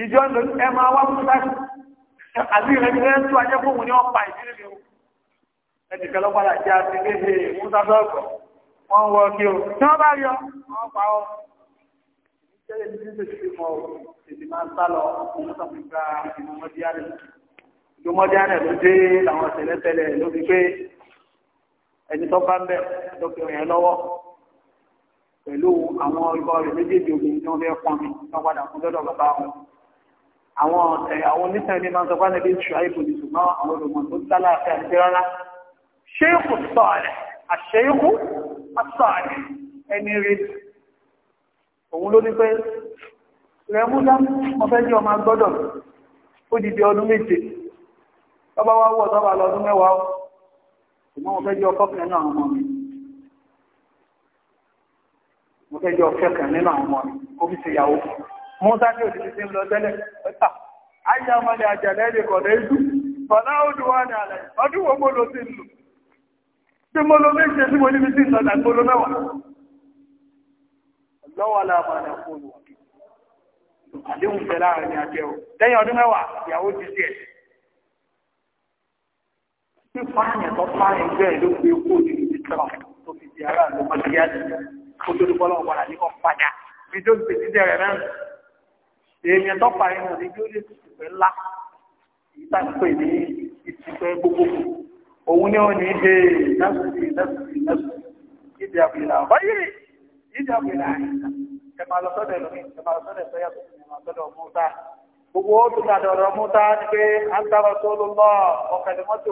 ìjọ ń lò ní ẹ máa wá fún sáà àbí rẹ ní ẹ ń tó ajẹ́ fóun ní ọ̀pá ìdílé mi o ẹni kẹlọ padà jẹ́ àti léde ìmúsásọ́ọ̀kọ̀ wọ́n wọ kí o tí wọ́n bá rí ọ wọ́n pa ọ ìṣẹ́lẹ̀ ní ṣe ṣe mọ́ èdè máa ń sá lọ ọmọdé ààrẹ ló dé làwọn tẹ̀lẹ́tẹ̀lẹ̀ ló fi pé ẹni tó bá ń bẹ̀ lókèrè ẹ lọ́wọ́ pẹ̀lú àwọn ikọ̀ rẹ̀ méjèèjì obìnrin tí wọ́n fẹ́ pọn àwọn eh, àwọn onítàn ní máa ń sọpá níbi ṣùgbọ́n ìbòlì ṣùgbọ́n àwọn olùmọ̀ tó dálá àti àti rárá ṣéèkù sọ̀rẹ̀ àṣẹ́yìnkú sọ̀rẹ̀ ẹni rí òun ló ní pé rẹmúdá ọfẹ́ jẹ́ ọmọ gbọ́dọ̀ ó dìde ọdún méje tọ́bá wá wọ́ tọ́bá lọ ọdún mẹ́wàá ṣùgbọ́n ọfẹ́ jẹ́ ọkọ̀kẹ́ náà ọmọ mi mo fẹ́ jẹ́ ọkẹ́kẹ́ nínú àwọn ọmọ mi kó fi ṣe ìyàwó Mọ́sá ní òdìdí tí ń lọ tẹ́lẹ̀. Ayé ọmọdé àjẹ̀lẹ́ lè kọ̀dẹ̀ ìlú. Bọ̀lá òdù wà ní àlẹ́. Ọdún wo mo lò sí ìlú? Tí mo lo méje tí mo níbi sí ìlọ tàbí mo lo mẹ́wàá. Lọ́wọ́ làbà ní ọkọ̀ olùwà. Àdéhùn fẹ́ láàrin ní àjẹ́ o. Lẹ́yìn ọdún mẹ́wàá, ìyàwó ti sí ẹ̀. Fífa àyàn tó fáyẹ̀ bẹ́ẹ̀ ló gbé kó ní ìdí tọ́lọ̀ tó fi di aráàlú mọ́ èèyàn tọ́pa yẹn náà ní bí ó lè ti ìpẹ́ ńlá èyí tá à ń pè ní ìtìpẹ́ gbogbogbò òun ni wọ́n ní ìdè nẹ́sùsì nẹ́sùsì nẹ́sùsì ìdè àbìlà báyìí ìdè àbìlà ẹ máa lọ sọ́dọ̀ ẹ̀lọ́mí ẹ máa lọ sọ́dọ̀ ẹ̀sọ́ yàtọ̀ ẹ máa sọ́dọ̀ mọ́ta gbogbo ó tún dàdọ̀ ni pé àǹtàrà tó ló lọ ọ̀kadì mọ́tò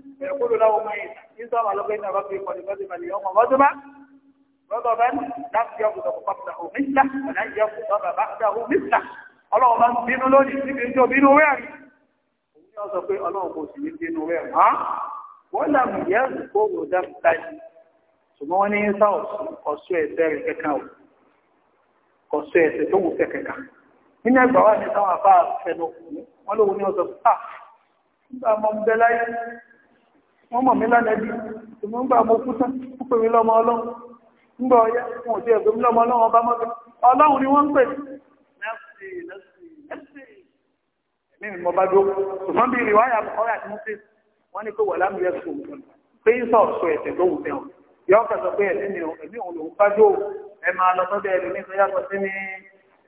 يقول له ميت إذا على بين ربي قد كذب اليوم غضبا غضبا لم يغضب قبله مثله ولن يغضب بعده مثله ọlọ́run máa ń bínú lónìí síbi tó bínú rẹ̀rìn òun ni ó sọ pé ọlọ́run kò sì ní bínú rẹ̀rìn hàn wọ́n làmù yẹ́rù kó rò dáàbò táyì ṣùgbọ́n wọ́n ní sá ọ̀sùn ọ̀sùn ẹ̀sẹ̀ rẹ̀ kẹ́kàn ò ọ̀sùn ẹ̀sẹ̀ tó wù fẹ́ kẹ́kàn nínú ẹgbà wà ní sáwọn afá fẹnu wọn lóhun ni ó sọ pé ah nígbà mọ́ ń bẹ láyé wọ́n mọ̀ mí lánàbí ṣùgbọ́n gbà mo kú tán ó pè mí lọ́mọ ọlọ́run ń gbọ́ ọyá wọn ò tiẹ̀ pè mí lọ́mọ ọlọ́run ọba mọ́tò ọlọ́run ni wọ́n ń pè nẹ́ẹ̀sì nẹ́ẹ̀sì nẹ́ẹ̀sì ẹ̀mí mi mo bá dúró ṣùgbọ́n bí ìrìwáyà ọ̀rẹ́ àti mọ́tò wọ́n ní pé wà lámì yẹn sùn pé ń sọ̀rọ̀ sọ ẹ̀sẹ̀ tó wù fẹ́ wọn yọ ọkọ̀ sọ pé ẹ̀mí mi òun lòún bá dúró ẹ máa lọ sọ́dọ̀ ẹ̀mí mi tó yàtọ̀ sí ní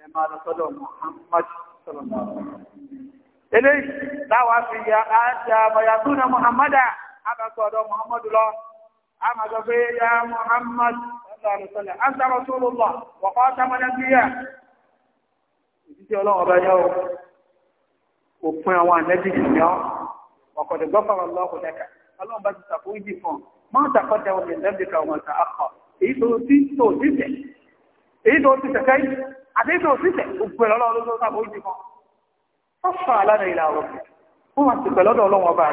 ẹ máa lọ sọ́dọ̀ Muhammad sọ̀rọ̀ eléyìí táwa fi ya àjà bayatuna Muhammada abakọ̀dọ̀ muhammadu lọ a pé ya muhammad sọlọ́ọ̀lọ́sọlẹ̀ anta rasulullah wa khataman ìdíje ọlọ́run ọba yẹn o àwọn ànẹ́bí ìyọ́ ọ̀kọ̀dẹ̀ gbọ́fàrọ̀ lọ́kùn lẹ́ka ọlọ́run bá ti sàkó ìdí fún máa tàkọ́tẹ̀ ọmọ ìlẹ́bìkà akọ̀ èyí tó ti tó ti tẹ̀ èyí tó ti àti tó ti tẹ̀ ló sàkó ìdí fún. ìlà ọ̀rọ̀ fún ti pẹ̀lọ́dọ̀ ọba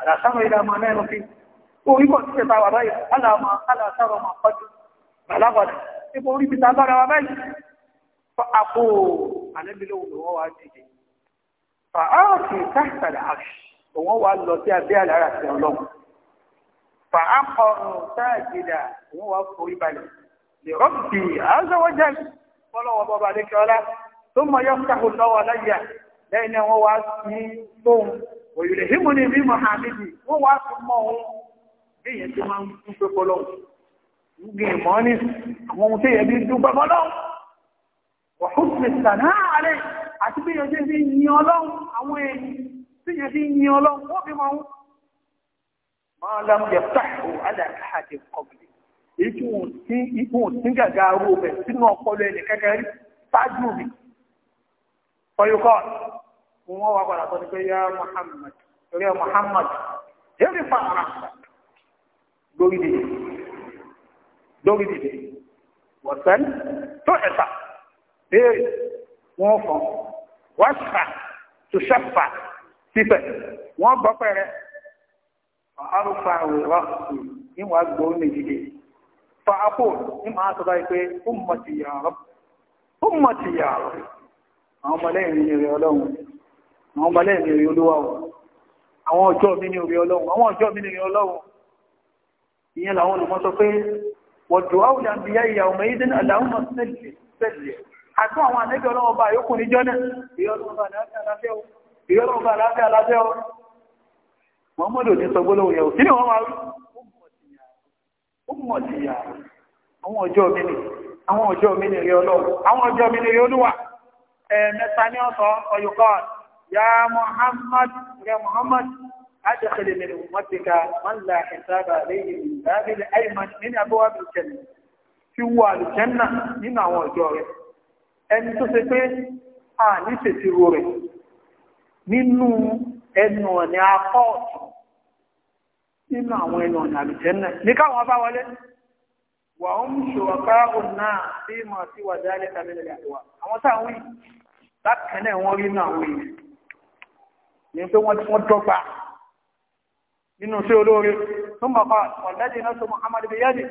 àdàsáwọ̀ ilẹ̀ ọmọ mẹ́rin fi orí bọ̀ sí ẹ̀bá wà báyìí aláàmà aláàsáwọ̀ ọmọ pọ́jú bàlágbàdà ipò orí fi tábára wà fa àpò àlẹ́bílẹ̀ olùwọ́ wa dìde fa áàfin káàkiri àṣì òun wà lọ sí abẹ́ fa ákọrùn sáàjìdà òun wà forí balẹ̀ lè rọ́bì àázọ́wọ́jà fọlọ́wọ́ bọba lẹ́kẹ́ ọlá tó mọ yọ́ sáhùn lọ́wọ́ láyà lẹ́yìn náà wọ́n wá sí tóun òyìnlẹ̀ hímù ní bí mọ̀hàmìdì wọ́n wá fún mọ́ ohun bí èyàn tí máa ń dúpẹ́ fọ́lọ́ gbogbo ìmọ̀ ní àwọn ohun tí èyàn bí dúpẹ́ fọ́lọ́ ọ̀húnṣe sàdá àárẹ̀ àti bí èyàn tí fi yin ọlọ́run àwọn èyàn tí èyàn tí yin ọlọ́run wọ́n fi mọ́ ohun máa lam yẹ pàṣẹ aláàkáàdé kọ̀bìlì ikú tí gàgà arú rẹ̀ sínú ọpọlọ ẹnì wọ́n wá padà sọ ní pé yá Muhammad rẹ̀ Muhammad yẹ́rì fàmàrà lórí dìde lórí dìde wọ̀sán tó ẹ̀sà béèrè wọ́n fọ́ wáṣà tó ṣàfà sífẹ̀ wọ́n bọ́ pẹ̀rẹ́ àrùfà òwúrọ̀ níwọ̀n agbóhùn méjìlè fa apò ní màá sọ báyìí pé ó mọ̀ tìyàrọ̀ ó mọ̀ tìyàrọ̀ àwọn ọmọlẹ́yìn rẹ̀ ọlọ́run àwọn ọmọ lẹ́yìn orí olówó àwọn ọjọ́ mi ní orí ọlọ́run àwọn ọjọ́ mi ní orí ọlọ́run ìyẹn làwọn olùmọ́ sọ pé wọ̀dù áwùdà ń bí yá ìyà ọmọ ìdín àdáhùn náà sẹ́lẹ̀ àti àwọn àlejò ọlọ́run bá yókù níjọ́ náà ìyọ́lọ́run bá aláfẹ́ aláfẹ́ ọ mọ́mọ́dò ní sọ gbólóhùn ọlọ́run àwọn ọjọ́ يا محمد يا محمد أدخل من أمتك من لا حساب عليه من باب الأيمن من أبواب الجنة tí ó wà àlùjẹ́nà nínú àwọn ọjọ́ rẹ̀ ẹni tó ṣe pé a ní ṣèṣirò rẹ̀ nínú ẹnu ọ̀nà apọ́ọ̀tù nínú àwọn ẹnu ọ̀nà àlùjẹ́nà ní káwọn bá wọlé wà ó ń ṣòwàká ònà sí mọ̀ sí wà dálẹ́ tàbí àwọn táwọn yìí bákan náà wọ́n rí nínú àwọn èèyàn ní pé wọ́n dọ́gba nínú sí olóore tó mọ̀ pa ọ̀lẹ́dì náà tó Muhammad bí yẹ́dì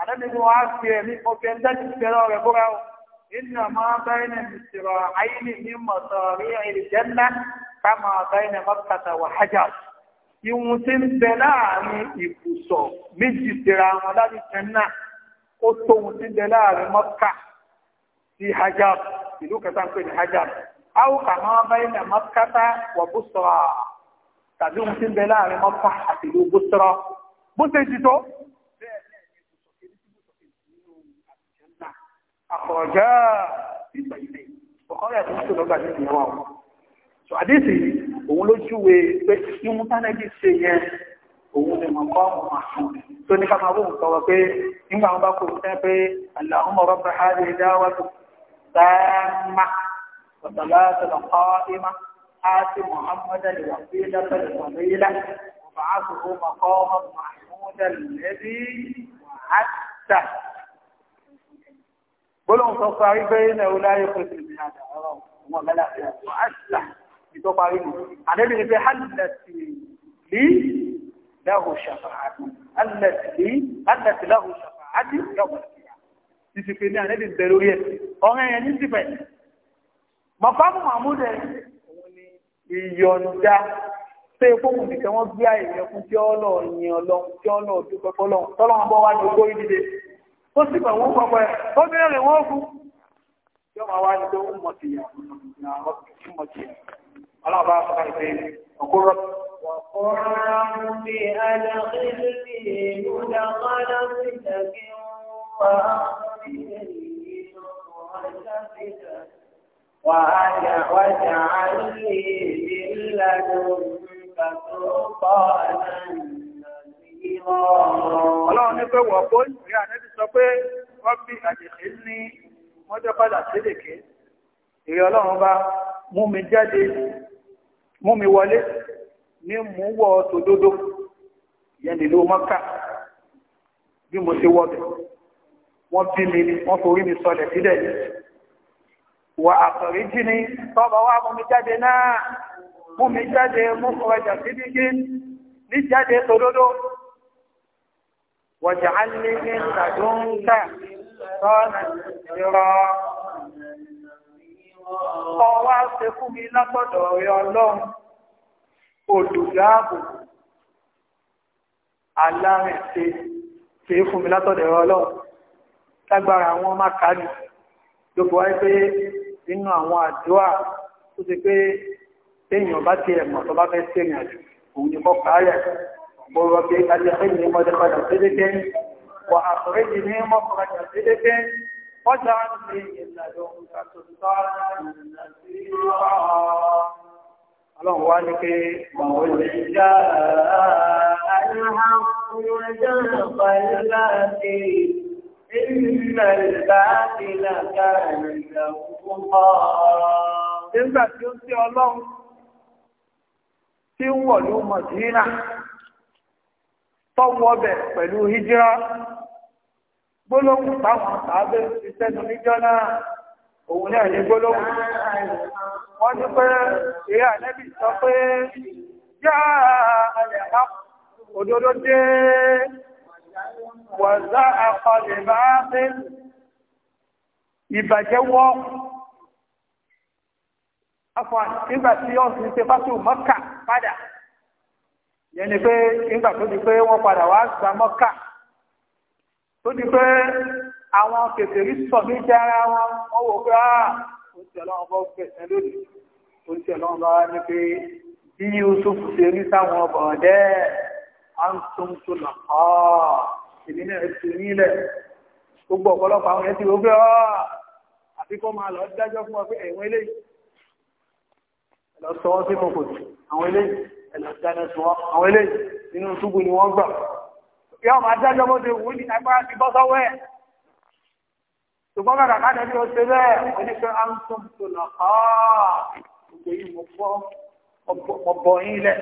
àdẹ́bìnrin wọn á fi ẹ̀mí ọkẹ́ ẹ̀dẹ́dì fẹ́rọ rẹ̀ búra ọ inna ma bayna ìṣirọ̀ àyíní ní mọ̀sọ̀rí ìrìjẹ́nà ká máa bayna mọ́kàtà wà hájà ìwọ̀n tí ń bẹ láàrin ìbùsọ̀ méjì tẹ̀ra wọn láti jẹ́nà ó tóun tí ń bẹ láàrin mọ́kà sí hájà ìlú kẹta ń pè ní hájà aw kama bayna makkata wa busra tàbí ohun tí ń bẹ láàrin mọ́ká àti ìlú busra bó ṣe jì tó. àkọ̀ọ̀já ìgbà ilé ọ̀kọ́ rẹ̀ tó ń sọ lọ́gbà nínú ìyàwó àwọn. sọ àdéhìí òun ló júwe pé ìmú tánẹ́gì ṣe yẹn òun ni mọ̀ kọ́ ọmọ àṣùn tó ní ká máa bóun sọ pé nígbà wọn bá kó sẹ́ pé Allahumma rabb hadhihi da'wati tammah وصلاة القائمة آت محمدا الوسيلة الفضيلة وابعثه مقاما محمودا الذي وعدته gbólóhùn tó parí bẹ́ẹ̀ náà láyé pèsè ní àdá ọ̀rọ̀ ọmọ mẹ́lá fi ọ̀pọ̀ àṣà ìtọ́ parí mú àdébì ní pé hálẹ̀tì lí lẹ́hùn ṣàfàádì hálẹ̀tì lí hálẹ̀tì lẹ́hùn ṣàfàádì lọ́wọ́ sí i ti fi ní àdébì bẹ̀rù rí ẹ̀ ọ̀rẹ́ yẹn ní síbẹ̀ mọ̀fáàmù mahmud ẹ̀ ìyọ̀nda tó epo mù nìkan wọ́n gbé àìyàn fún kí ọlọ́ yin ọlọ́run kí ọlọ́ dúpẹ́ fọlọ́run tọ́lọ́run bọ́ wá ní ogó ìdílé ó sì pẹ̀ wọ́n pọ̀pọ̀ ẹ̀ ó bẹ̀rẹ̀ rẹ̀ wọ́n fún yóò máa wá ní tó ń mọ̀ sí ìyá ọmọ sí ìyá ọlọ́run bá sọ káyọ̀ pé ọkùnrin وقرعوا بأدخلني مدخل صدق وأخرجني مخرج صدق واجعل لي من لدنك سلطانا Ọlọ́run ní pé wọ̀pọ̀ ìrìn ànẹ́bí sọ pé wọ́n bí àjèkè ní wọ́n jẹ́ padà sílèké. Ìrìn ọlọ́run bá mú mi jáde, mú mi wọlé ní mú wọ́ tòdodo, ìyẹn nílò mọ́ká bí mo ṣe wọ́bẹ̀. Wọ́n bí mi ni, wọ́n forí mi sọlẹ̀ sílẹ̀ yìí wà àkọ̀rí jí ni tọ́bà wà múmi jáde náà múmi jáde mú ọjà síbí gí ní jáde tòdodo wọ̀jà alẹ́ ní ìtàdúnkà tọ́nà ìrọ̀ ọwá ṣe fún mi lápọ̀dọ̀ rẹ̀ ọlọ́run olùdáàbò aláàrẹ̀ ṣe ṣe fún mi látọ̀dọ̀ rẹ̀ ọlọ́run lágbára àwọn ọmọ kánú gbogbo wáyé pé nínú àwọn àdúrà tó ti pé téèyàn bá ti ẹ̀mọ̀ tó bá fẹ́ sí ìrìn òun ni kọ́ kààyà ọgbọ́rọ̀ pé alẹ́fẹ́ ní wà àkọ́rẹ́jì ní mọ́kànlá Ìrìnà Nígbà tí ó sí ọlọ́run tí ń wọ̀ ló Mọ̀dínà, tọ́wọ́ bẹ̀ pẹ̀lú hijira, gbólóhùn táwọn tàbí ṣiṣẹ́ ní níjọ́ náà, òun náà ní gbólóhùn. Wọ́n ní pé eré ànẹ́bì sọ pé, yáà wọ̀zá àkọlẹ̀ bá fẹ́ ìbàjẹ́ wọ́ afọ́n nígbà tí yóò sì ṣe fásitì mọ́kà padà yẹn ni pé nígbà tó di pé wọ́n padà wá gba mọ́kà tó di pé àwọn kèfèrí sọ ní dára wọn wọ́n wò pé áà ó ti ọlọ́run bọ́ gbẹ̀sẹ̀ lónìí ó ti ọlọ́run bá wá ní pé bí Yusuf ṣe rí sáwọn ọbọ̀ ọ̀dẹ́ẹ̀ antum tó là á èmi náà ti nílẹ̀ gbogbo ọ̀pọ̀lọpọ̀ àwọn yẹn ti wò pé ọ́ àfi kọ́ máa lọ dájọ́ fún wa pé ẹ̀wọ̀n eléyìí lọ sọ wọ́n sí mọ̀kòtì àwọn eléyìí ẹ̀lọ́ dáná sọ ni wọ́n gbà yọ́ máa dájọ́ bó ṣe wù ní agbára ti bọ́ sọ́wọ́ ẹ̀ ṣùgbọ́n kàkà káàdé bí o ṣe bẹ́ẹ̀ oníṣẹ́ ansom tó nà á yìí mo bọ́ ọ̀bọ̀ yín lẹ̀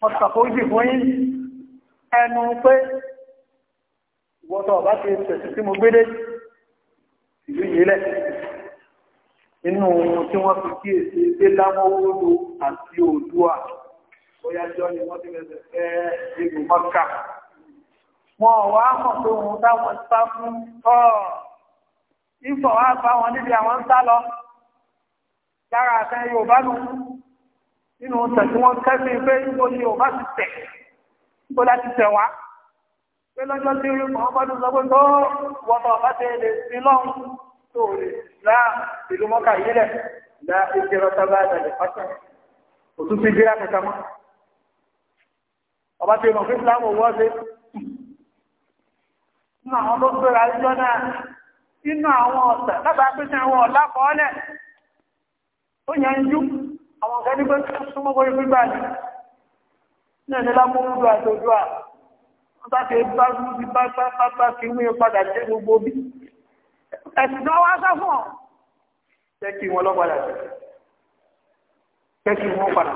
mo fún yín ẹnu pé ìwọ́tọ̀ ọ̀bá ti tẹ̀sì tí mo gbédé ìlú ìyílẹ̀ inú ohun tí wọ́n fi kí èsì pé lámọ́wọ́lò àti òdúà bóyá jọ ni wọ́n ti fẹ́ fẹ́ ìlú mọ́kà wọn wá mọ̀ pé òun táwọn sá fún tọ́ ìfọ̀ wá bá wọn níbi àwọn ń sá lọ lára àtẹ Yorùbá nù nínú tẹ̀sí wọn kẹ́sí pé níbo ni Yorùbá ti tẹ̀ bọ́lá ti tẹ̀ wá pé lọ́jọ́ tí orí mọ́ọ́bọ́dù sọ pé tó wọ́tọ̀ ọ̀bá ti lè sí lọ́hùn tó lè láà ìlú mọ́kà yílẹ̀ dá ìṣe rọ́tà bá dàlẹ̀ pátá òtún ti gbéra kẹta mọ́ ọba tí mọ̀ fún Islam owó ọ̀sẹ̀ nínú àwọn tó gbéra ẹjọ́ náà nínú àwọn ọ̀sẹ̀ lábàá pé àwọn ọ̀la kọ́ọ́lẹ̀ ó yẹn ń jú àwọn ọ̀gá nígbà tó súnmọ́ náà ní lámúrúdú àtòjú à wọ́n bá ṣe bá mú ti bá pápá kí wí padà jẹ́ gbogbo bí ẹ̀sìn náà wá sá fún ọ jẹ́ kí wọ́n lọ́padà jẹ́ kí wọ́n padà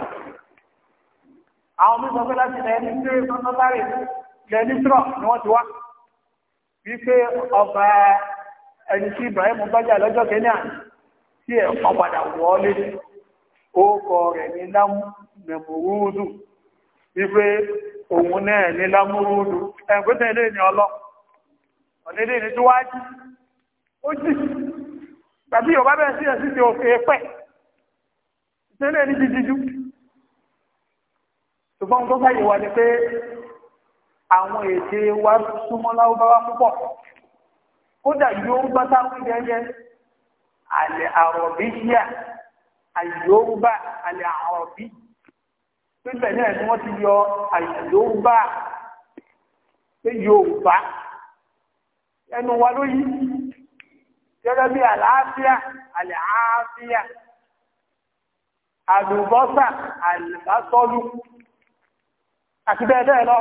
àwọn mẹ́sàn pé láti ẹni tí ó sọ láre lẹ́ni trọ̀ ni wọ́n ti wá wípé ọba ẹni tí Ibrahim bájà lọ́jọ́ kẹ́nà tí ẹ̀ ọ̀padà wọ́ọ́lé ó kọ rẹ̀ ní lámú mẹ̀mùrúdù wípé òun náà ní lámúrúdù ẹ̀kútẹ̀ ilé ní ọlọ́ ọ̀dẹ́dẹ́ ní tó wájú ó jì tàbí yóò bá bẹ̀rẹ̀ sí ẹ̀sí ti òfin pẹ̀ ìtẹ́lẹ̀ ní jíjíjú ṣùgbọ́n tó báyìí wà ní pé àwọn èdè wa súnmọ́ láwùbáwá púpọ̀ kódà yóò bá sáwọn ìdẹ́yẹ àlẹ́ àrọ̀bíyà àyóòbá àlẹ́ àrọ̀bíyà pípẹ̀ náà ni wọ́n ti yọ àyàlóbá pé yorùbá ẹnu wa ló yí gẹ́gẹ́ bí àlàáfíà àlàáfíà àlùbọ́sà àlùbásọ́lù àti bẹ́ẹ̀ bẹ́ẹ̀ lọ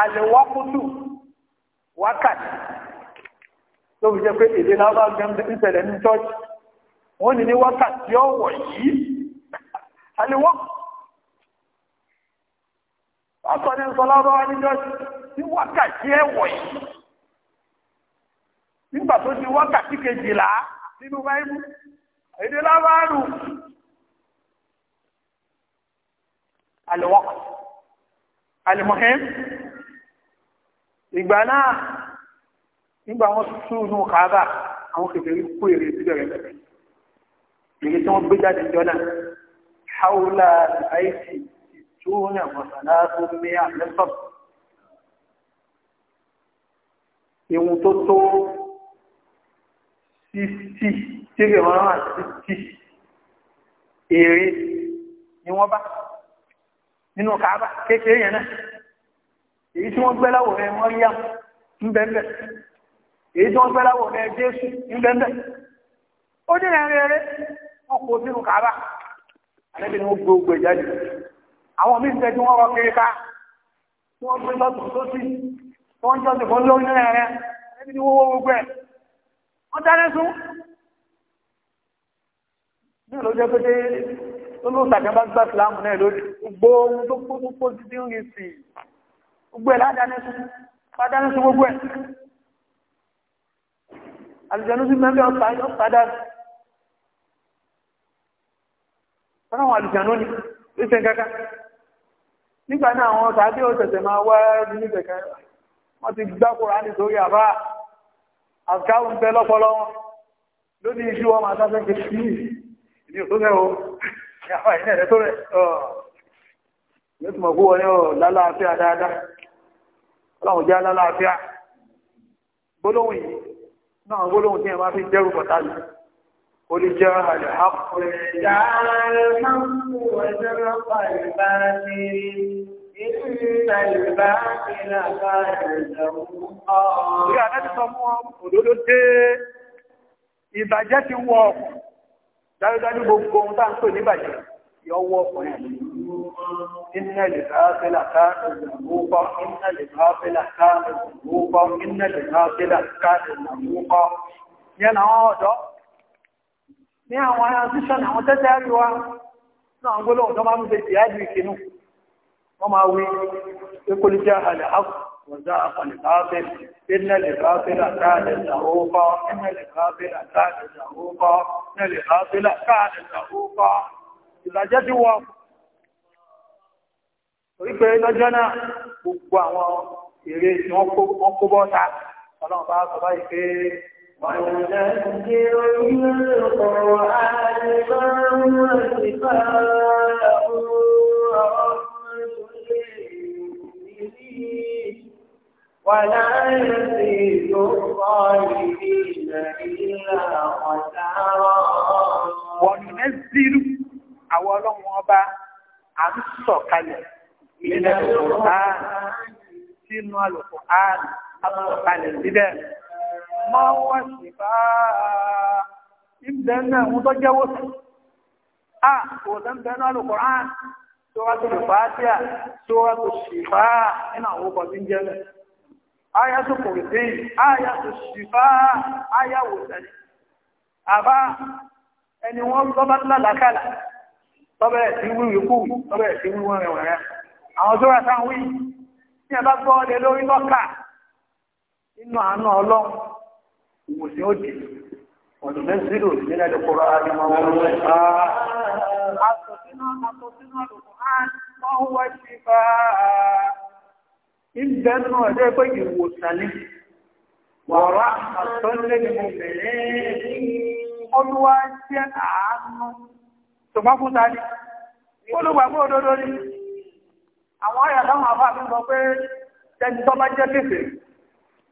àlùwọ́kútù wákàtí tó fi jẹ́ pé èdè lábá gẹ́gẹ́ ìṣẹ̀lẹ̀ ní chọ́ọ̀chì wọ́n ní ní wákàtí ọ̀wọ̀ yìí aliwọ́n ọ̀sọ̀ ní sọlọ́rọ̀ níjọ́ sí wákàtí ẹ̀wọ̀ yìí nígbà tó di wákàtí kejìlá nínú báyìí èdè lábáàrù aliwọ́n alimọ̀hẹ́m ìgbà náà nígbà wọn túnú kàábà àwọn kèfèrí kó èrè síbẹ̀rẹ̀ bẹ̀rẹ̀ èyí tí wọ́n gbé jáde jọ náà حول الأيس ستون وثلاثمائة نصب ìwọ̀n tó tó 60 tí rẹ̀ wọ́n rán 60 èrè ni wọ́n bá nínú kàábà kékeré yẹn náà èyí tí wọ́n gbẹ́láwò rẹ̀ mọ́ríyàm ń bẹ́ẹ̀bẹ̀ èyí tí wọ́n gbẹ́láwò rẹ̀ jésù ń bẹ́ẹ̀bẹ̀ ó dínà rẹ̀ rẹ̀ wọ́n kò sínú kàábà àlẹ́bí ni wọ́n gbogbo ẹ̀ jáde àwọn míì tẹ́jú wọ́n rọ kiri ká tí wọ́n gbé lọ́tún tó sí tí wọ́n jọ́sìn fún lórí náà rẹ àlẹ́bí ni wọ́n wọ́ gbogbo ẹ̀ wọ́n dáná sún ní ìlú jẹ́ pété olóòtàkẹ́ bá gbà sílámù náà lórí gbogbo ohun tó kó tó kó ti ń rí sí gbogbo ẹ̀ ládáná sún ládáná sún gbogbo ẹ̀ àlùjẹ́nu sí mẹ́lẹ́ ọ̀tá ọ̀tá dáná ọlọ́run àlùjànú ni ìṣẹ́ kankan nígbà náà àwọn tàbí òṣèṣẹ̀ máa wá ní ìṣẹ̀kan wọ́n ti gbákùrá nítorí àbá àkáwù ń bẹ́ lọ́pọ̀lọ́ wọn lóní iṣu ọmọ àtàṣẹ́ kì sí ìní ò tó rẹ̀ o ìyàwó ìní ẹ̀rẹ́ tó rẹ̀ yóò túnmọ̀ kó wọlé ọ̀ lálàáfíà dáadáa ọlọ́run já lálàáfíà gbólóhùn yìí náà gbólóhùn tí ẹ máa fi dẹ́rù bọ̀tá yìí قل جاء الحق جاء الحق وزرق الباطل إن الباطل كان زهوقا يا نبي صلى الله عليه وسلم ìbàjẹ́ ti wọ ọkùn dájúdájú gbogbo ohun tá ń pè níbàjẹ́ yọ wọ ọkùnrin iná lè bá fẹ́lá ní àwọn transition àwọn tẹ́tẹ́ rí wa náà gbọ́lọ̀ tó máa ń ṣe ìyájú ìkínú wọ́n máa wí ikúlù jẹ́ àlẹ́ àkù wọ̀zá àpàlẹ̀ káàfẹ́ ìnẹ̀lẹ̀ káàfẹ́ láàrẹ̀ ìṣàwókọ́ ìnẹ̀lẹ̀ káàfẹ́ láàrẹ̀ ìṣàwókọ́ ìnẹ̀lẹ̀ káàfẹ́ láàrẹ̀ ìṣàwókọ́ ìlàjẹ́ ti wọ́n torí pé lọ́jọ́ náà gbogbo àwọn èrè tí wọ́n kó bọ́ta ọlọ́run bá sọ báyìí pé ونذكر بالقرآن من وشفاء ورحمة للمؤمنين ولا يزيد الظالمين إلا خسارا وننزل أولا وبا à ń sọ̀kalẹ̀ ilẹ̀ òkùnkùn sínú àlùkò àrùn àsọ̀kalẹ̀ síbẹ̀ máa ń wá sí bá ìbẹ̀ náà mú tó jẹ́wọ́ sí à òòtẹ́ ń bẹ náà lò kọ́ án tó wá tó lè bá tí à tó wá tó sì bá nínú àwọn ọkọ̀ tí ń jẹ́ bẹ̀ áyá tó kò rí sí áyá tó sì bá áyá wò sẹ́ni àbá ẹni wọ́n lọ́bá lálàkàlà tọ́bẹ̀ tí wíwí kú tọ́bẹ̀ tí wíwọ́n rẹ̀ wẹ̀rẹ̀ àwọn tó rà sáà wí tí ẹ bá gbọ́ ọdẹ lórí lọ́kà nínú àánú ọlọ́run ìwòsàn òdì ọ̀dọ̀ mẹ́sìlò nílẹ̀ ìdókòrò ara ma ah. wọ́n wọ́n ṣá. Àtọ̀sínà àtọ̀sínà lòkùn á wọ́n wọ́n ṣe bá a. Ìbẹ̀nù ọ̀dẹ́ pé ìwòsàn ní wọ̀rọ̀ àtọ́lé ni mo bẹ̀rẹ̀ olúwa jẹ́ àánú. Ṣùgbọ́n fún tani, olùgbàgbọ́ òdodo ni. Àwọn ọ̀yà táwọn àbá pé ẹni tó bá jẹ́ kéfèé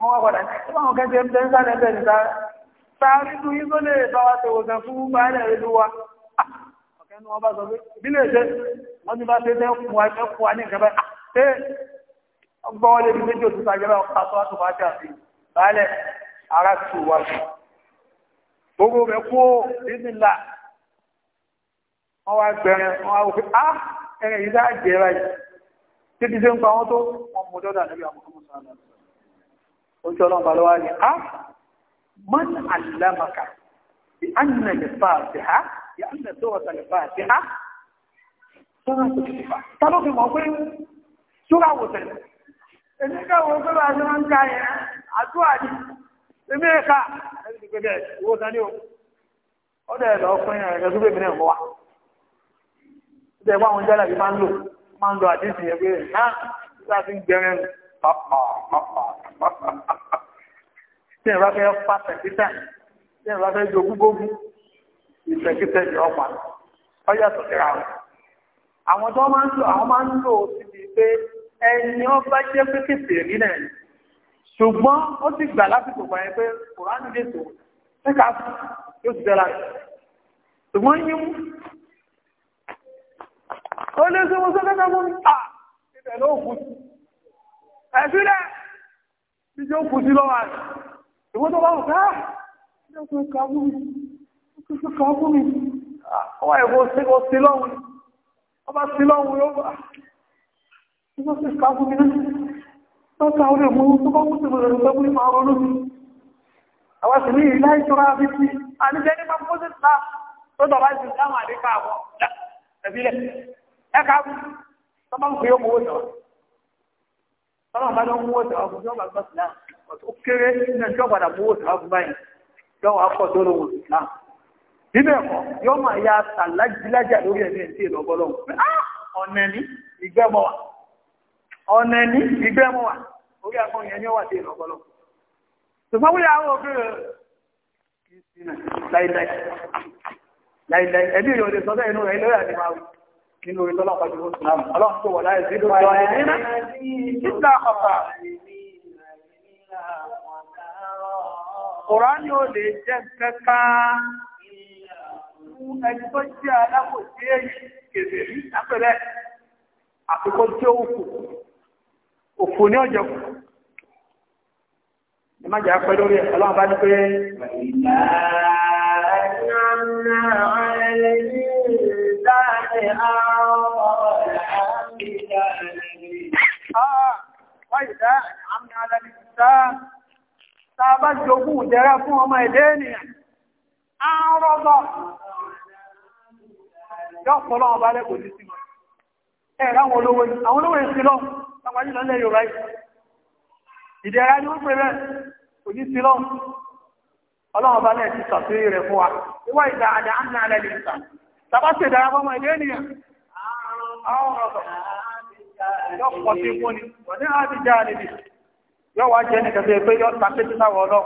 wọ́n wá padà tí wọ́n kẹ́kẹ́ ń tẹ́ńsá lẹ́bẹ̀ẹ́ níta sáárí tún yí tó lè bá wa tẹ̀wọ̀ kan fún báyẹ̀ ìlú wa ah, ọ̀kẹ́nu wọn bá sọ pé bí lè ṣe wọ́n ti bá ṣe tẹ́ fún wa tẹ́ fún wa ní nǹkan báyìí ah, ṣé ọgbọ́n wọlé ní méjì òtútù àjẹbá pàṣọ àtúbọ̀ báyẹ̀ ara tù wá sí gbogbo rẹ̀ kú wọ́n wá gbẹ̀rẹ̀ wọ́n wá wọ́pẹ́ á ah, ẹ̀rẹ̀ yìí sáà jẹ́ báyìí ojú ọlọ́run bá lọ́wọ́ ni a man alamaka bí a ń nà lè fa àti ha bí a ń nà tó wọ́ta lè fa àti ha sọ́nà tó ti fa ta ló fi mọ̀ pé ṣúra wò tẹ̀lé èmi káwọn ọgbẹ́ bá ṣe máa ń ka yẹn àdúrà ni èmi ẹ̀ka ẹni ti gbẹgbẹ wo sani o ọdọ ẹ lọ fún yẹn ẹgbẹ́ gbẹgbẹ náà wà ọdọ ẹ bá àwọn jálàbí máa ń lò máa ń lo àdéhùn yẹn pé náà nígbà tí tí ìrọ̀ fẹ́ pa tẹ̀kítẹ̀ tí ìrọ̀ fẹ́ jogún gbógun ìtẹ̀kítẹ̀ ni ọ̀pá ọ̀yàtọ̀ síra wọn. àwọn tó máa ń lò àwọn máa ń lò síbi pé ẹni ọba jẹ́ pé kèsì èrí náà ni ṣùgbọ́n ó sì gbà lásìkò gbà yẹn pé kòránì lè tó ẹ̀ka yóò ti dẹ́ra rẹ̀ ṣùgbọ́n yín ó lé sí wọn sọ́kẹ́kẹ́ fún mi à ah, ibẹ̀ ló kù sí ẹ̀sílẹ̀ ìjọ kù lọ́wọ́ rẹ̀ ìwọ́n tó bá wọ̀ káà ọkùnrin kan fún mi ọkùnrin kan fún mi ọwọ́ ẹ̀kọ́ sí lọ́wọ́ ọba sí lọ́wọ́ yóò bá ọkùnrin kan fún mi náà lọ́ta orí ìmú tó bá wùsùn mọ̀ lọ́rọ̀ lọ́gbọ́n máa ronú mi àwọn sì ní ilá ìṣọ́ra bí sí àníjẹ́ nípa pósí ta tó dọ̀bá ìsìn dáhùn àdékà àwọ̀ ẹ̀bílẹ̀ ẹ̀ka tọ́bá ń pè é mú ó sọ̀rọ̀ tọ́bá ń bá lọ́ ó kéré nínú ẹjọ́ padà mú òtà fún báyìí lọ́wọ́ akọ̀ tó lọ́wọ́ ìsìlá nínú ẹ̀kọ́ yóò máa ya tàlájílájà lórí ẹ̀mí ẹ̀ntì ìlọ́gbọ́lọ́wọ́ ọ̀nà ní ìgbẹ́mọ̀ wà ọ̀nà ní ìgbẹ́mọ̀ wà orí akọ̀ yẹn ni ó wà sí ìlọ́gbọ́lọ́wọ́ ṣùgbọ́n wíyà àwọn òbí rẹ̀ láìláì láìláì ẹ̀mí ìrọ̀lẹ̀ sọ́dọ̀ inú rẹ̀ lórí àti máa wù nínú orí tọ́lá Kùránì ò lè jẹ́ kẹta fún ẹni tó jẹ́ alákòóṣe èyí kèfè rí lápẹ̀lẹ̀ àkókò tí ó kù òkú ní ọjọ́ kù. Ẹ má jẹ́ apẹ́ lórí ẹ̀ ọlọ́run bá ní pé. Ah, wáyé dá àmì alẹ́ nìkan. tàbá jogún fún ọmọ ẹ̀dẹ́ a ń rọ́gbọ́ yọ́pọ̀lọ́ ọba lẹ́kò sí sí ẹ̀rọ àwọn olówó àwọn olówó sí lọ tàbájú lọ lẹ́yìn ọ̀rá ìdẹ̀ra ni wọ́n pẹ̀lẹ̀ kò ní sí lọ ọlọ́wọ́ bá lẹ́ẹ̀ ti a yọ wá jẹ́ nìkan tó pé yọ ta tẹ́tí sáwọ́ lọ.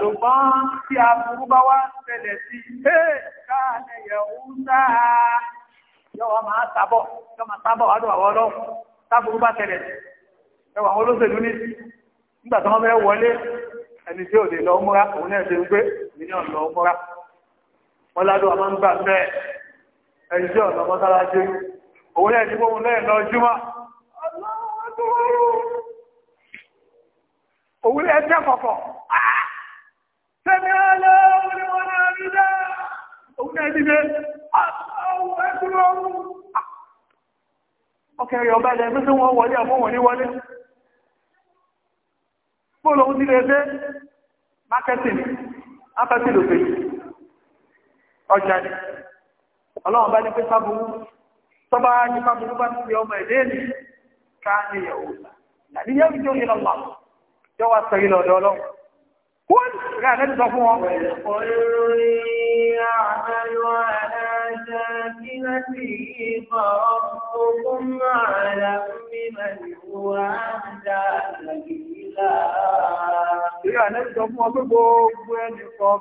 ṣùgbọ́n tí aburú bá wá ṣẹlẹ̀ sí pé káàlẹ̀ yẹ̀wù yọ máa sábọ̀ yọ máa sábọ̀ wá lọ́wọ́ táburú bá ṣẹlẹ̀ sí ẹwà àwọn olóṣèlú ní nígbà tí wọ́n fẹ́ wọlé ẹni tí ò lè lọ múra òun náà ṣe ń gbé mílíọ̀nù lọ múra wọn ládùn àwọn ń gbà bẹ́ẹ̀ ẹni tí ọ̀nà mọ́sálásí òun ẹ̀ nígbó òun lẹ́ẹ̀ lọ́júmọ́ òun ẹ̀ jẹ́ kọ̀kọ̀ ah! sẹ́mi ọlọ́ òun wọn náà rí dá òun ẹ̀ dìde àwọn ẹ̀kúrò ọrùn ọkẹ̀rẹ̀ ọba ilẹ̀ ẹgbẹ́ tí wọ́n wọlé àmọ́wọ̀n ní wọlé bóòlù ohun nílé ẹgbẹ́ marketing apẹ́sìlòpé ọjà ni ọlọ́run bá ní pé sábúrú tọ́ba nípa burú bá ti ọmọ ẹ̀dẹ́ ni ká ní ìyàwó ìlà ìlànà yẹ́rù tó yẹ yọ wá sọ ilẹ̀ ọ̀dọ́ ọlọ́run wọ́n rí àlẹ́ sọ fún wọn. Ìrìn àlẹ́ fún ọ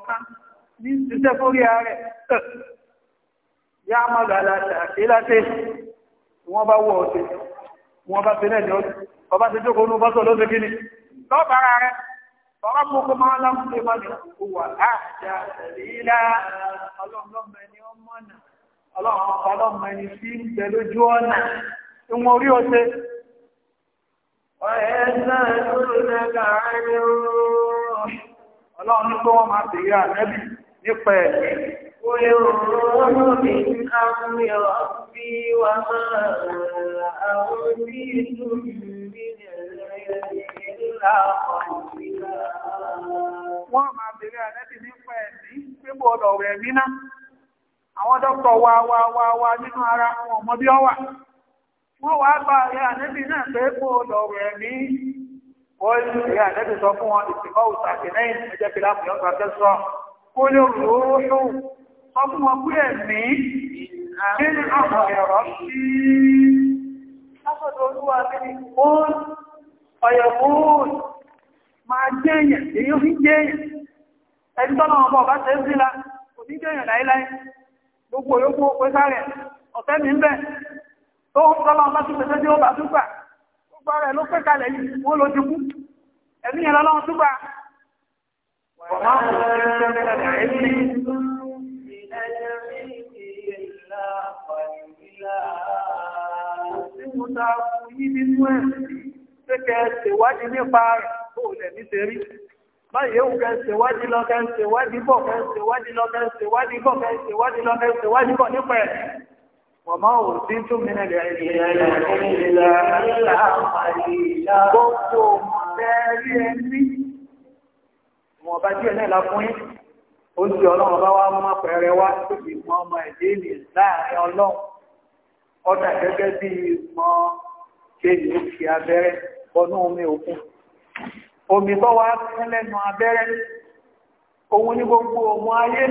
pé ní ṣiṣẹ́ ààrẹ yá má lọ́la ṣàkí láti wọ́n bá wọ́ ọ̀tẹ̀ wọ́n bá tẹ́lẹ̀ ní ọdún ọba ti jókòó ní bọ́sọ̀ ló ti kí ni lọ́bàrá rẹ̀ ọ̀rọ̀ mú kó máa lámú pé lè kó wà láàjá ìlà ọlọ́run tó wọ́n máa tèèrè ànẹ́bì nípa ẹ̀mí قل من أمر ربي وما أوتيتم من wọ́n máa bèèrè àlẹ́bì nípa ẹ̀mí pé bó ọ̀dọ̀ rẹ̀ mí àwọn dọ́kọ̀ wa wa wa wa nínú ara wọn ọmọ bí ọ wà wọ́n wá gba rẹ̀ àlẹ́bì náà pé bó ọ̀dọ̀ rẹ̀ àlẹ́bì sọ fún wọn ìsìnkọ́ sọ pé ẹ̀mí nínú àwọn ẹ̀rọ sí lásọ̀dọ̀ olúwa ní òun ọ̀yẹ̀kún máa jẹ́yàn èyí fi jẹ́yàn ẹni tọ́nà ọmọ ọba tẹ́ sí la kò ní jẹ́yàn láíláí gbogbo yóò pé sáré ọ̀fẹ́ mi ń bẹ̀ tó ń tọ́nà ọba tó pẹ̀sẹ́ tí ó bá túgbà gbogbo rẹ̀ ló pẹ́ kalẹ̀ yìí wọ́n ló ti ẹ̀mí yẹn lọ́nà túgbà wọ́n máa ń ta fún yí nínú ẹ̀ pé kẹ́ ṣèwádìí nípa rẹ̀ bó lẹ̀ nítorí báyìí ó kẹ́ ṣèwádìí lọ kẹ́ ṣèwádìí bọ̀ kẹ́ ṣèwádìí lọ kẹ́ ṣèwádìí bọ̀ kẹ́ ṣèwádìí lọ kẹ́ ṣèwádìí bọ̀ nípa ẹ̀ Wọ̀mọ́ ò sí tún mi nílẹ̀ ìrìnlẹ̀ ìrìnlẹ̀ ìrìnlẹ̀ gbogbo mọ̀lẹ́rí ẹni. Wọ̀n bá díẹ̀ náà la fún yín, ó ń ti ọlọ́run bá wá mọ́ pẹ̀rẹ wá, ó sì mọ́ ọmọ ẹ̀dẹ́ ènìyàn láàrin ọ̀dà gẹ́gẹ́ bí mọ́ kéèyàn fi abẹ́rẹ́ bọnú omi òkun omi tó wá lẹ́nu abẹ́rẹ́ ní gbogbo ayé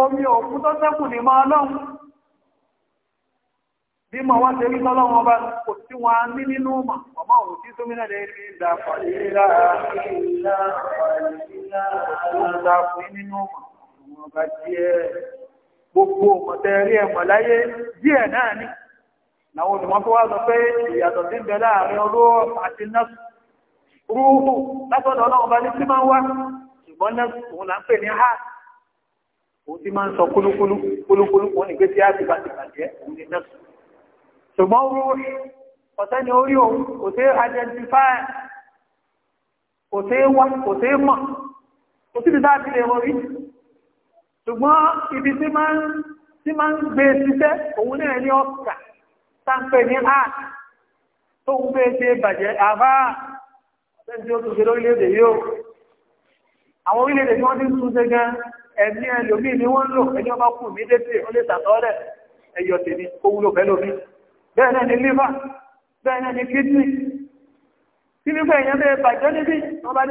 omi òkun tó sẹ́kù ní máa lọ́hùn bí mọ̀ wá bá kò tí wọ́n ní nínú ọmọ òun tí gbogbo mọ̀tẹ́rí ẹ̀mọ̀ láyé díẹ̀ náà ní àwọn olùmọ́ tó wá sọ pé ìyàtọ̀ tí ń bẹ láàrin ọrọ̀ àti nọ́ọ̀sù rúhù látọ̀dọ̀ ọlọ́run bá ní tí máa ń wá ṣùgbọ́n nọ́ọ̀sù òun là ń pè ní ha òun ti máa ń sọ kúlúkúlú kúlúkúlú òun ní pé tí a ti bá ti bàjẹ́ òun ní nọ́ọ̀sù ṣùgbọ́n rúhù ọ̀sẹ́ ni orí òun kò sí identify kò sí wá kò sí mọ̀ kò sí ti dáa lè rọrí ṣùgbọ́n ibi tí máa ń gbé ṣiṣẹ́ òun náà ní ọ̀kà táǹpẹ̀ ní art tó ń gbé ṣe bàjẹ́ àbá ọ̀sẹ́ntí ó tún ṣe lórílẹ̀-èdè yóò àwọn orílẹ̀-èdè tí wọ́n ti ń tún ṣe gan ẹ̀mí ẹlòmí ni wọ́n lò ẹni ọba kù mí dẹ́tẹ̀ ó lè sàtọ́ọ́lẹ̀ ẹyọ tèmi ó wúlò fẹ́lómi bẹ́ẹ̀ náà ni liver bẹ́ẹ̀ náà ni kidney kí nígbà èèyàn bẹ́ẹ̀ bàjẹ́ níbi wọ́n bá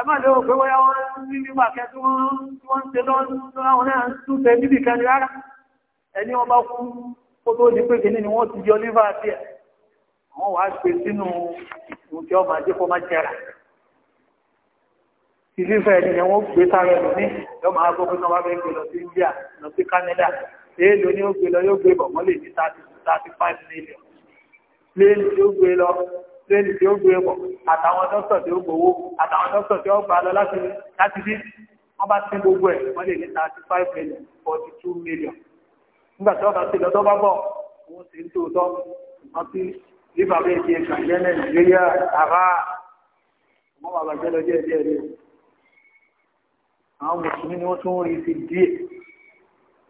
ẹmà lè wọ́n pé wọ́yá wọ́n ní nígbà kẹ́ tí wọ́n ń ṣe lọ́wọ́ náà tún tẹ níbi kan rárá ẹni wọ́n bá kú kó tó di pé kìíní ni wọ́n ti yọ lífà sí ẹ̀ wọ́n wàá gbé sínú ìwòkí ọmọ ajé kó má jẹrà ìlífà ẹni ni wọ́n gbé sára ẹ̀lú ní lọ́mọ agbókò náà wá fẹ́ gbé lọ sí India lọ sí Canada èèlò ni ó gbé lọ yóò gbé bọ̀ mọ́lẹ̀ ní 35 million léèlò yóò gbé lọ tírẹ́nì tí ó gbé ẹ̀kọ́ e àtàwọn dókítà tí ó gbowó àtàwọn dókítà tí ó gbà lọ láti láti bí wọ́n bá sin gbogbo ẹ̀ wọ́n lè ní thirty five million forty two million nígbà tí wọ́n bá ti lọ tó bá bọ̀ wọ́n sì ń tòótọ́ wọ́n ti ní bàbá èdè ẹ̀ka ìyẹn nàìjíríà àrà wọ́n bàbá jẹ́ lọ díẹ̀ díẹ̀ díẹ̀ àwọn mùsùlùmí ni wọ́n tún rí sí díẹ̀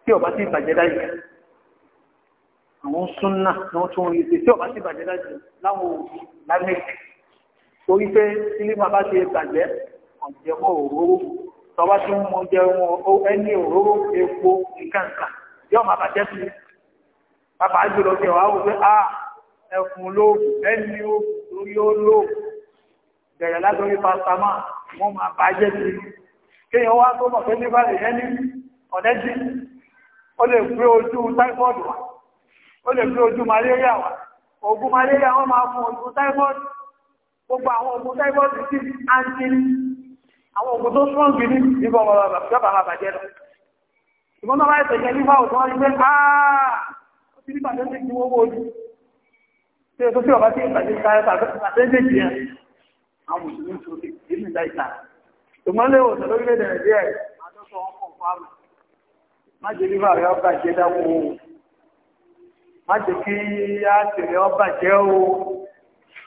tí ọba ti bàjẹ́ láyé àwọn súnà ni wọ́n tún rí ṣe tí ọba ti bàjẹ́ láti láwọn òbí lámẹ́ torí pé sílímà bá ti bàjẹ́ ọ̀jẹ̀mọ́ òróró tọba tí wọ́n jẹ wọn ẹni òróró epo nǹkankan yóò máa bàjẹ́ sí i bàbá àjùlọ ti wà wò pé a ẹkùn lóògùn ẹni lórí ó lóògùn bẹ̀rẹ̀ látọrí pàtàmà wọ́n máa bàjẹ́ sí i kéèyàn wá tó mọ̀ pé nígbà lè ẹni ọ̀dẹ́jì ó lè gbé ojú táífọ́ọ̀dù wa ó lè fi ojú malaria wà oògùn malaria wọ́n máa fún oògùn typhoid gbogbo àwọn oògùn typhoid sí antin àwọn oògùn tó strong ní ìbọn ọ̀rọ̀ ìjọba àbàjẹ́ lọ ìbọn náà wáyé tẹ̀jẹ̀ nípa òtún wọn pé aaa ó ti nípa tó ti di owó ojú tí o tó fi ọba sí ìpàdé ìtàyẹ àtẹ́jẹ́ jìyàn àwọn mùsùlùmí tó ti di nígbà ìta ṣùgbọ́n lè wòsàn lórílẹ̀-èdè Nàìjíríà àtọ́sọ̀ ọkọ̀ fáwọn májèlé bá rẹ̀ ọba ìjẹ́dáwó má jẹ́ kí á tèrè ọba jẹ́ o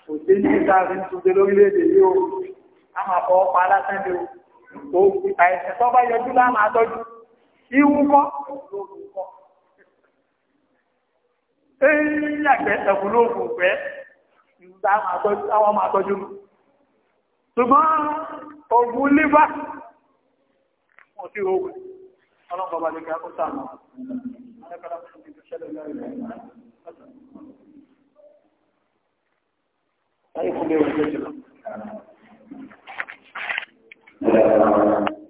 kò sí ní ìta fi ń túnṣe lórílẹ̀-èdè yìí o a máa fọ ọpa lásán ni o àìsàn tó bá yọjú láà máa tọ́jú iwu kọ́ lóògùn kọ́ èyí àgbẹ̀ ẹ̀kún lóògùn pẹ́ ìgbà àwọn máa tọ́jú ṣùgbọ́n ogun lífà wọ́n sí ogun ọlọ́pàá balẹ̀ kí a kó sáà náà Thank you.